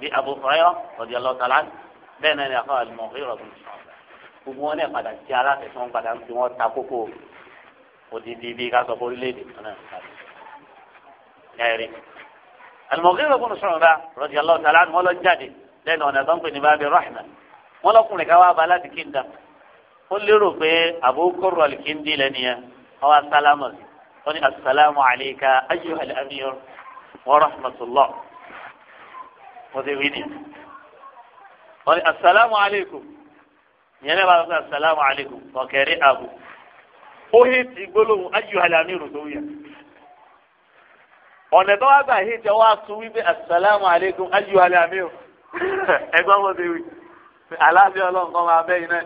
bí Abu Hurairah radiyallahu ta'ala bẹ́ẹ̀ náà ni àfa àlùmọ̀ọ́fẹ́ ìrọ̀kùn gbogbo wọn náà padà jẹ́ aláṣẹ tí wọ́n padà ń fi wọ́n ta kókó odidi bíi ká sọ fún orílẹ̀-èdè ẹ̀rí àlùmọ̀ọ́fẹ́ ìrọ̀kùn sọ̀rọ̀ radiyallahu ta'ala wọ́n lọ jáde lẹ́nu ọ̀nà tó ń pè ní bábí rahma wọ́n lọ́kùnrin ká wá ba láti kíndà ó lérò pé àbókòrò àlùkíndì lẹ́nu yẹn wọ́n wá sálámù sí wọ́n ní asalaamu alayka ayyuhal wa rahmatulah. mo ti wí ni. wọ́n ní asalaamu aleykum yẹn náà bá lọ asalaamu aleykum ọ̀kẹ́rẹ́ àbò ó ti gbólóhùn yẹn. ọ̀nà gbà asalaamu aleykum o ẹgbẹ́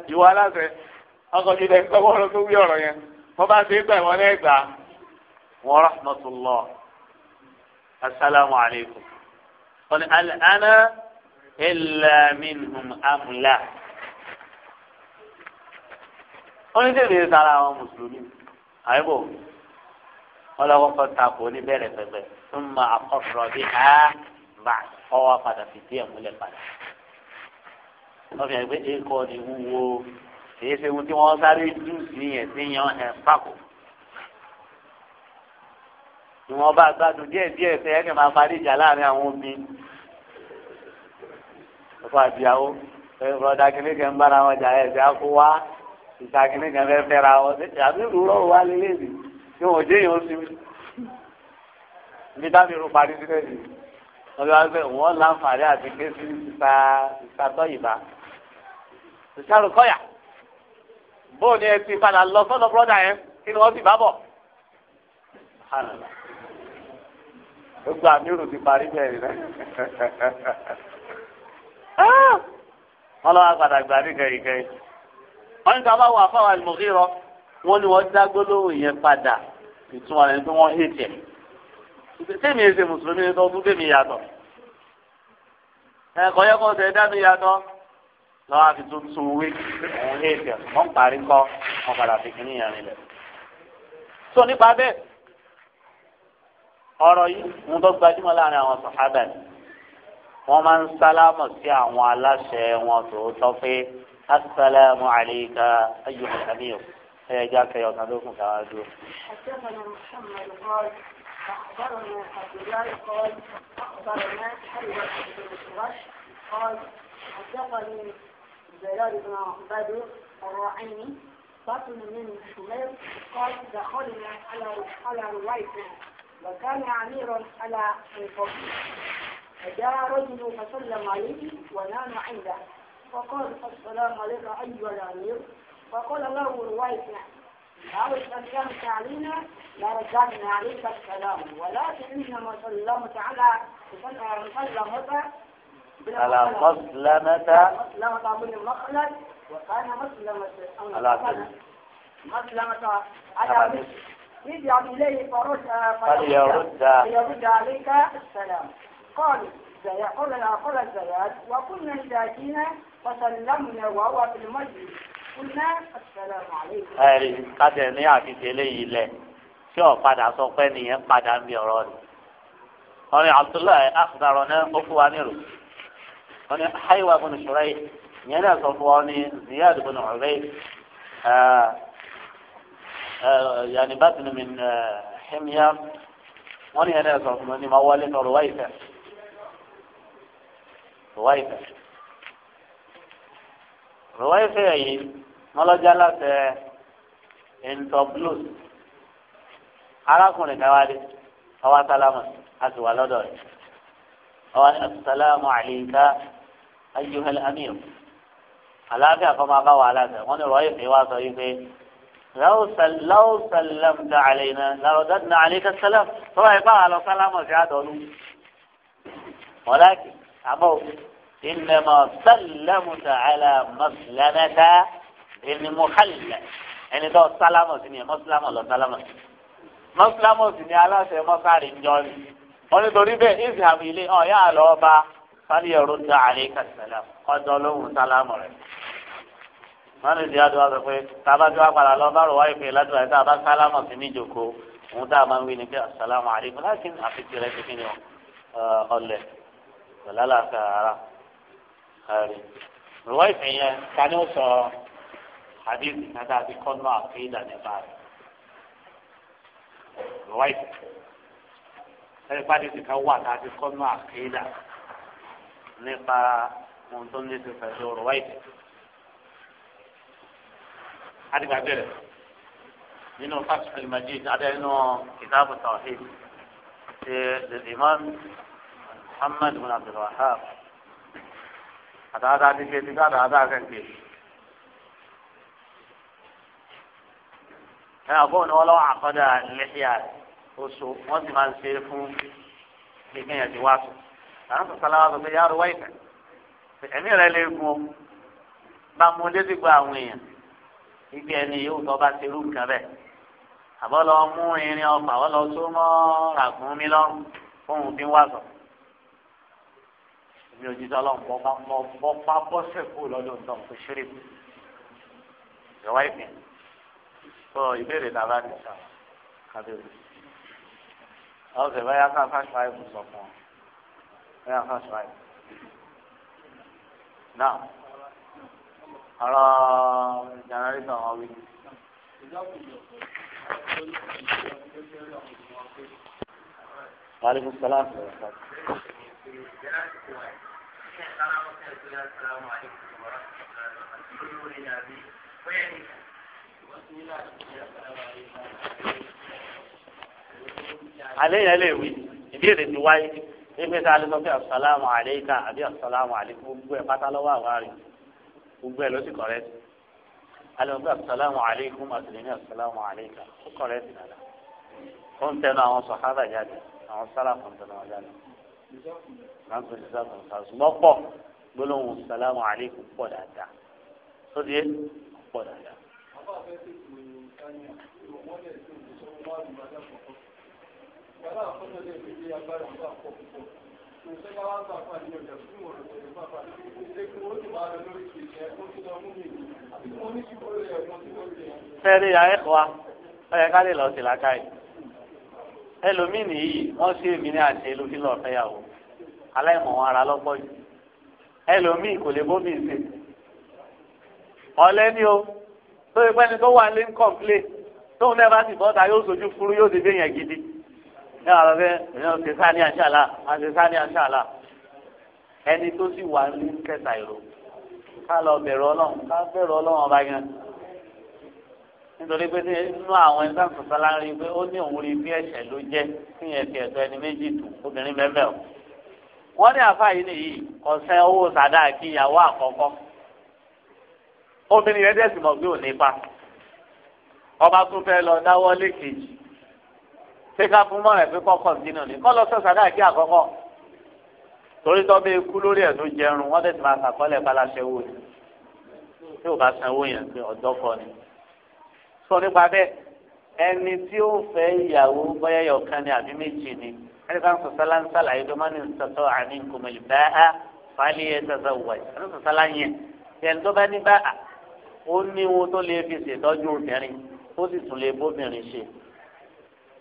ti wí aláàbí náà ìwọ ọkọ̀ wọn ni alana ilaminhum amla wọn ní tèmi sára àwọn mùsùlùmí àyẹ̀bọ̀ wọn lọ́wọ́ kọ́ takò ní bẹ̀rẹ̀ pẹ̀pẹ̀ fún ma àkọ́sọ̀rọ̀ bí a bá ọwọ́ padà fìdí ẹ̀ múlẹ̀ padà wọ́n fi hàn pé èkó ni wúwo kì í ṣe ohun tí wọ́n sáré jù sí yẹn sí yan ẹ̀ pàkó ìwọ̀n bá gbádùn díẹ̀ díẹ̀ fẹ́ ẹ̀kẹ́ máa parí ìjà láàrin àwọn omi ọkọ̀ àbíyàwó rọ̀dà kìnìún kan bára wọn jà ẹ̀sẹ̀ á kó wá ìta kìnìún kan fẹ́ fẹ́ra wọn àbí rúrọ̀ wá lélẹ̀ ni tí wọn ò dé yẹn ó sinmi ibi tábìlì rú parí sílẹ̀ ni wọ́n fi wá pé wọ́n láǹfààní àti ké sí ìta ìta tọ́yìnbá ìsàrùkọ́yà bóun ni ẹ ti padà lọ sọ́dọ̀ bọ́dà yẹn kí ni wọ́n sì bá bọ̀ gbogbo àmírù ti parí bẹ́ẹ̀ rẹ̀ *laughs* ah! wọ́n lọ́wọ́ padà gbà ní kẹ́yìnkẹ́yìn wọ́n ní ká bá wà fáwọn àlùmọ́kì rọ wọ́n ní wọ́n dá gbólóhùn yẹn padà ìtumọ̀ rẹ̀ pé wọ́n hẹ̀ tiẹ̀ tẹ́mi ẹsẹ̀ mùsùlùmí ni tó tún tẹ́mi yàtọ̀ ẹ̀kọ́ yẹ kó o tẹ̀ dá mi yàtọ̀ lọ́wọ́ àfi tuntun wí òun hẹ̀ tiẹ̀ wọ́n parí kọ́ wọ́n padà fi kíní yẹn rinlẹ̀ tó nípa bẹ́ẹ̀ ọ̀rọ̀ yìí mo tó gbajúmọ̀ láàrin àwọn sàhábà ni wọ́n máa ń sálámọ̀ sí àwọn aláṣẹ wọn tòótọ́ pé asalaamu aleyka ayu alamiyo ẹ̀yẹ jẹ́ akẹ́yọ̀ kan ló kún káwá dúró. قال أخبرنا حلوة بن الشرش قال الرعيني بطن من حمير قال دخلنا على على روايتنا وكان عميرا على الفرس فجاء رجل فسلم عليه ونام عنده فقال السلام عليك أيها الأمير فقال له روايتنا لو سلمت علينا لرجعنا عليك السلام ولكن إنما سلمت على مسلمة على مسلمة مسلمة بن مخلد وكان مسلمة على مسلمة على مسلمة يدعو إليه فرد فليرد فليرد عليك السلام قالوا قال قال الزياد وكنا إذا جينا فسلمنا وهو في المسجد قلنا السلام عليكم. ẹ̀rí kájẹ̀ ní àfihàn eléyìí lẹ̀ tí ò padà sọ pé nìyẹn padà ń bí ọ̀rọ̀ rẹ̀. wọ́n ní abdullahi akhdaro náà ó fún wa nírò. wọ́n ní haiwa bin shuraih yẹn náà sọ fún wa ní ziyad bin ubayd yàní bàtìní mi himya wọn ni yẹn náà sọ fún mi ma wọlé náà rọwá ìfẹ́ rọwá ìfẹ́ rọwá ìfẹ́ yìí mọlọjà láti ntọblus arákùnrin kan wá dé ọwọ asálámù a sì wà lọ́dọ̀ rẹ̀ ọwọ asálámù àlèkà ayélujára amír aláàfin àfọmọ abáwọ aláàfin wọn ni rọwá ìfẹ́ wá sọ yìí pé. لو سل لو سلمت علينا لرددنا عليك السلام طبعا يبقى على سلام في عاد ولكن عمو إنما سلمت على مسلمة المخلة يعني ده سلام سنية مسلمة الله سلام مسلمة سنية على سيما ساري جون wọ́n torí bẹ́ẹ̀ ìsìlámù ilé ọ̀ يا á lọ́ọ́ bá fálíyà rúdà àlékà sàlám ọ̀dọ́ wọn lè di àdúrà sọ pé tába tí wọn padà lọ bá rò wáyé pé ládùúgbà tá a bá sálámà sí níjòkó òun tá a máa ń wí ni pé asalaamu aleykum láti àfi tirẹ̀ ti fi ni ọlẹ̀ pẹ̀lú àlàáfíà ara ẹ̀rí. rọwọ́ ìfẹ́ yẹn ta ni ó sọ àdéhùn kátà àti kọ́nù àfi ìdá nípa rẹ̀ rọwọ́ ìfẹ́ ẹ̀rí pàdé ti ká wà tá kọ́nù àfi ìdá nípa ohun tó ní ti fẹ́ lọ rọwọ́ ìfẹ́ àdìgbà bẹ̀rẹ̀ nínú Fathul Majid adẹ́nu kìtàbù tawhid ṣe imam Muhammad bin Abdul Wahhab àtàwọn àti kejì ká àtàwọn àti kejì. ẹ àbọ̀ ni wọ́n lọ́wọ́ àkọ́dà lẹ́yà oṣù wọ́n sì máa ń ṣe fún kíkẹ́ yẹn ti wá sùn. àwọn sọ̀tà láwọn sọ pé yàrá wáyé kan ẹ̀mí rẹ̀ lè gun bá mu létí gba àwọn èèyàn ibi ẹni yóò tọ́ bá ti rú nǹkan bẹ́ẹ̀ àbọ̀ lọ mú irin ọfà wọ́n lọ tó mọ́ ràgùn mi lọ́rùn fóun fi wá sọ mi ò jíjọ lọ́n bọ́ bá bọ́ bá bọ́ sẹ́kù lọ́dún tó ń fi ṣeré mi ìjọba ìpín tó ìbéèrè làbá ní sà kábíyèsí ọ̀sẹ̀ báyà ká fáṣọ àìkú sọ fún ọ báyà fáṣọ àìkú náà ọ̀rọ̀ jẹnẹrétọ̀ wọn wí. Wàhálà ìbùsọ̀lá àti ọ̀sán. Àlẹ́ yẹn lè wí, ìbéèrè ti wáyé, ẹgbẹ́ ta ló sọ pé asalaamu aleyka àbí asalaamu aleykum gbogbo ẹ̀ pátá lọ́wọ́ àwárí gbogbo ẹ̀ ló sì kọ̀rẹ́ sí alẹ́ wọn asalaamu aleykum asalaamu asalaamu aleykum ó kọ̀rẹ́ sí nàlá ó ń tẹnu àwọn sọ̀hábà jáde àwọn sálàfù ń tẹnu àwọn jáde máa ń pè sísá kan ṣùgbọ́n pọ̀ gbólóhùn asalaamu aleykum pọ̀ dáadáa sóde pọ̀ dáadáa. Bàbá àkọ́jọ́ lè fi bí agbára ń bá púpọ̀ fẹ́ẹ́rẹ́ ya ẹ̀kọ́ wa ó ká lè lọ sí làákàyè ẹlòmíì nìyí wọ́n sí èmi ní àti ẹlòmíì lọ́ọ́ fẹ́yàwó aláìmọ̀ wọn ara lọ́pọ̀ yìí ẹlòmíì kò lè bómi ṣe ọ̀lẹ́ni o tó ipẹ́ni tó wà ní kọ̀ǹplé tóun náà bá sì bọ́ta yóò sojú fúru yóò ti dé gidi ní àwọn ọ̀rẹ́ ìyẹn ti sáni àṣàlà àti sáni àṣàlà ẹni tó sì wà ní kẹta ìró ká lọ bẹ̀rù ọlọ́run ká bẹ̀rù ọlọ́run ọba gan nítorí pé nínú àwọn ẹni sáà sọ̀tà láàrin pé ó ní òun rí bí ẹ̀ṣẹ̀ ló jẹ́ kí yẹn fi ẹ̀tọ́ ẹni méjì tù obìnrin bẹ́ẹ̀ o wọ́n ní àfa yìí nìyí ọ̀sẹ̀ owó sàdá kí ìyàwó àkọ́kọ́ obìnrin yẹn dẹ̀ sì mọ̀ pé ò nípa ọba tún fẹ́ lọ dáwọ́ lé ṣé ká fún mọ́rẹ̀ pé kọ́kọ́ ní náà ni kọ́ lọ sọ̀sà káàkiri àkọ́kọ́ torí tó bẹ́ẹ̀ kú lórí ẹ̀ tó jẹrun wọ́n tẹ̀sí máa sàkọ́lẹ̀ balasẹ́ wò ni tí ò bá sanwó yẹn pé ọ̀dọ́ kọ ni. sọ nípa bẹ́ẹ̀ ẹni tí ó fẹ́ ìyàwó bọ́yá yọ̀kan ni àbí méjì ni ẹni bá ń sọ̀sọ́ láńsàlà yìí dọ́mọ́ni sọ̀tọ̀ àní nkùmẹ̀lì bá a fàálì yẹn sọ̀sọ̀ wọ̀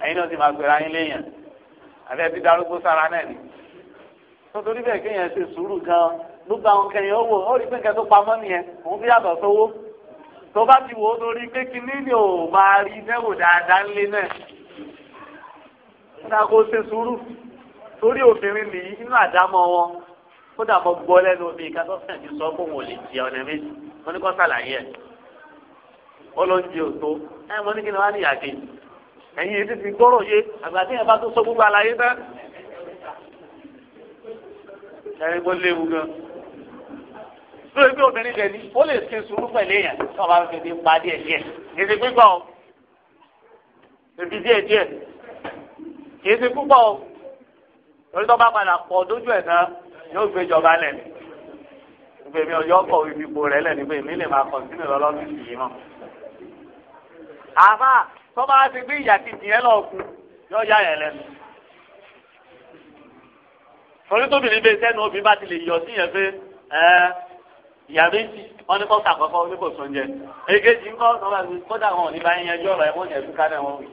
ẹ̀yin náà sì máa gbéra yín léèyàn àbí darúgbó sára náà ni nítorí bẹ́ẹ̀ kéèyàn ṣe sùúrù gan-an ló kẹyìn owó ó rí tó pamọ́ nìyẹn òun fi ni ò máa rí dáadáa ńlé náà nígbà kó ṣe sùúrù torí obìnrin nìyí nínú àdámọ́ wọn gbọ́ lẹ́nu omi sọ pé òun ò lè jẹ ọ̀nà méjì mo ní ẹ̀ òtó ẹ̀yin etí ti gbọ́rọ̀ yé àgbà tí yẹn bá tó sọ gbogbo àlàyé tán ẹni bó léwu gan lórí bí obìnrin rẹ ni ó lè ṣe sùúrù pẹ̀lú èèyàn tí wọ́n bá fi fi pa díẹ̀ díẹ̀ kì í ṣe pípọ̀ o ebi díẹ̀ díẹ̀ kì í ṣe púpọ̀ o lórí tó bá padà pọ̀ dójú ẹ̀ tán yóò gbé ìjọba lẹ̀ ìgbè mi ọjọ́ kọ̀ ibi ipò rẹ̀ lẹ̀ nígbè mí lè máa kọ̀ sínú ìrọ̀lọ́sí tọ́ba ti gbé ìyá kejì yẹn lọ kú yọ ya yẹn lẹ́nu. torí tóbìnrin bíi sẹ́nu obìnrin bá ti lè yọ sí yẹn pé ìyá méjì wọn ní kọ́ sàkọ́kọ́ wọn ní kò sóúnjẹ èkejì ńkọ́ tọ́ba ti wọn ò ní bá yẹn yanjú ọ̀rọ̀ ẹ̀wọ̀n yẹn dúkà náà wọn wì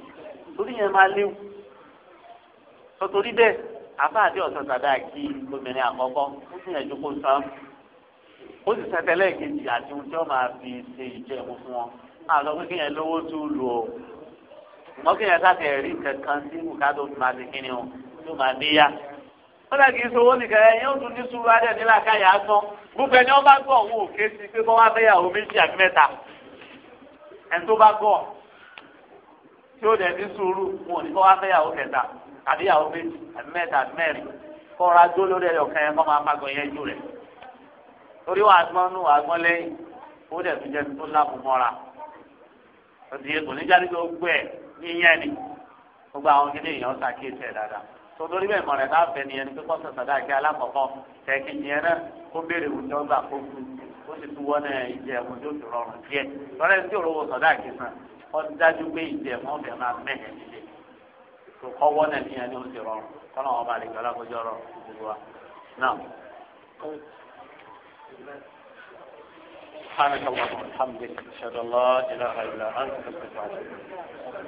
torí yẹn máa léwu sọtorí bẹ́ẹ̀ àfa ọ̀sán tàbí àkí obìnrin àkọ́kọ́ ó sì yẹn jókòó sàn ó sì sẹ́tẹ́lẹ̀ kejì àti ohun tí wọ́n máa fi ṣe ìjẹun wọ́n kì í yẹn sáfẹ̀ rí kankan sí bùkátà tó máa di kíni o tó máa di yá. wọ́n dà kì í sowó nìkan ẹ̀ yóò tún ní sùúrù adé nílà káyà á tán gbogbo ẹni wọ́n bá gbọ́ òun ò ké sí pé kọ́ wá fẹ́yàwó méjì àti mẹ́ta ẹ̀ tó bá gbọ́ tí ó dẹ̀ ní sùúrù wọn ò ní kọ́ wá fẹ́yàwó kẹta àbí yàwó méjì àbí mẹ́ta àbí mẹ́rin kọ́ra dó lórí ẹ̀yọ̀ kan yẹn kọ́ máa fagbọ̀ yẹn jù rẹ̀ torí wàá gbọ́n nù wàá ó dẹ̀ fi jẹ́ tó lábùmọ́ra òtí kò ní jáde tó gbẹ yíyan ni gbogbo àwọn kìnìún èèyàn ṣàkíyèsí ẹ̀ dáadáa tòdórí bẹ́ẹ̀ mọ̀rẹ́ bá bẹ nìyẹn ni pé kọ́sọ̀ sọ̀dá kí alákọ̀ọ́kọ́ tẹ̀kí yẹn náà ó béèrè òjò gbà kó kú ó sì tún wọ́n náà ìjẹ́ ẹ̀mú tó fi rọrùn díẹ̀ lọ́rẹ́ tí òróró sọ̀dá kì í sàn ó dájú pé ìjẹ́ ẹ̀mú ọ̀bẹ máa mẹ́hẹ̀ nílé tó kọ́ wọ́n náà nìyẹn ni ó ti rọrùn kọ́nà wọn bá lè gbọ́ lákòjọ́ rọ gbogbo wa náà. سبحانك اللهم وبحمدك اشهد ان لا اله الا انت استغفرك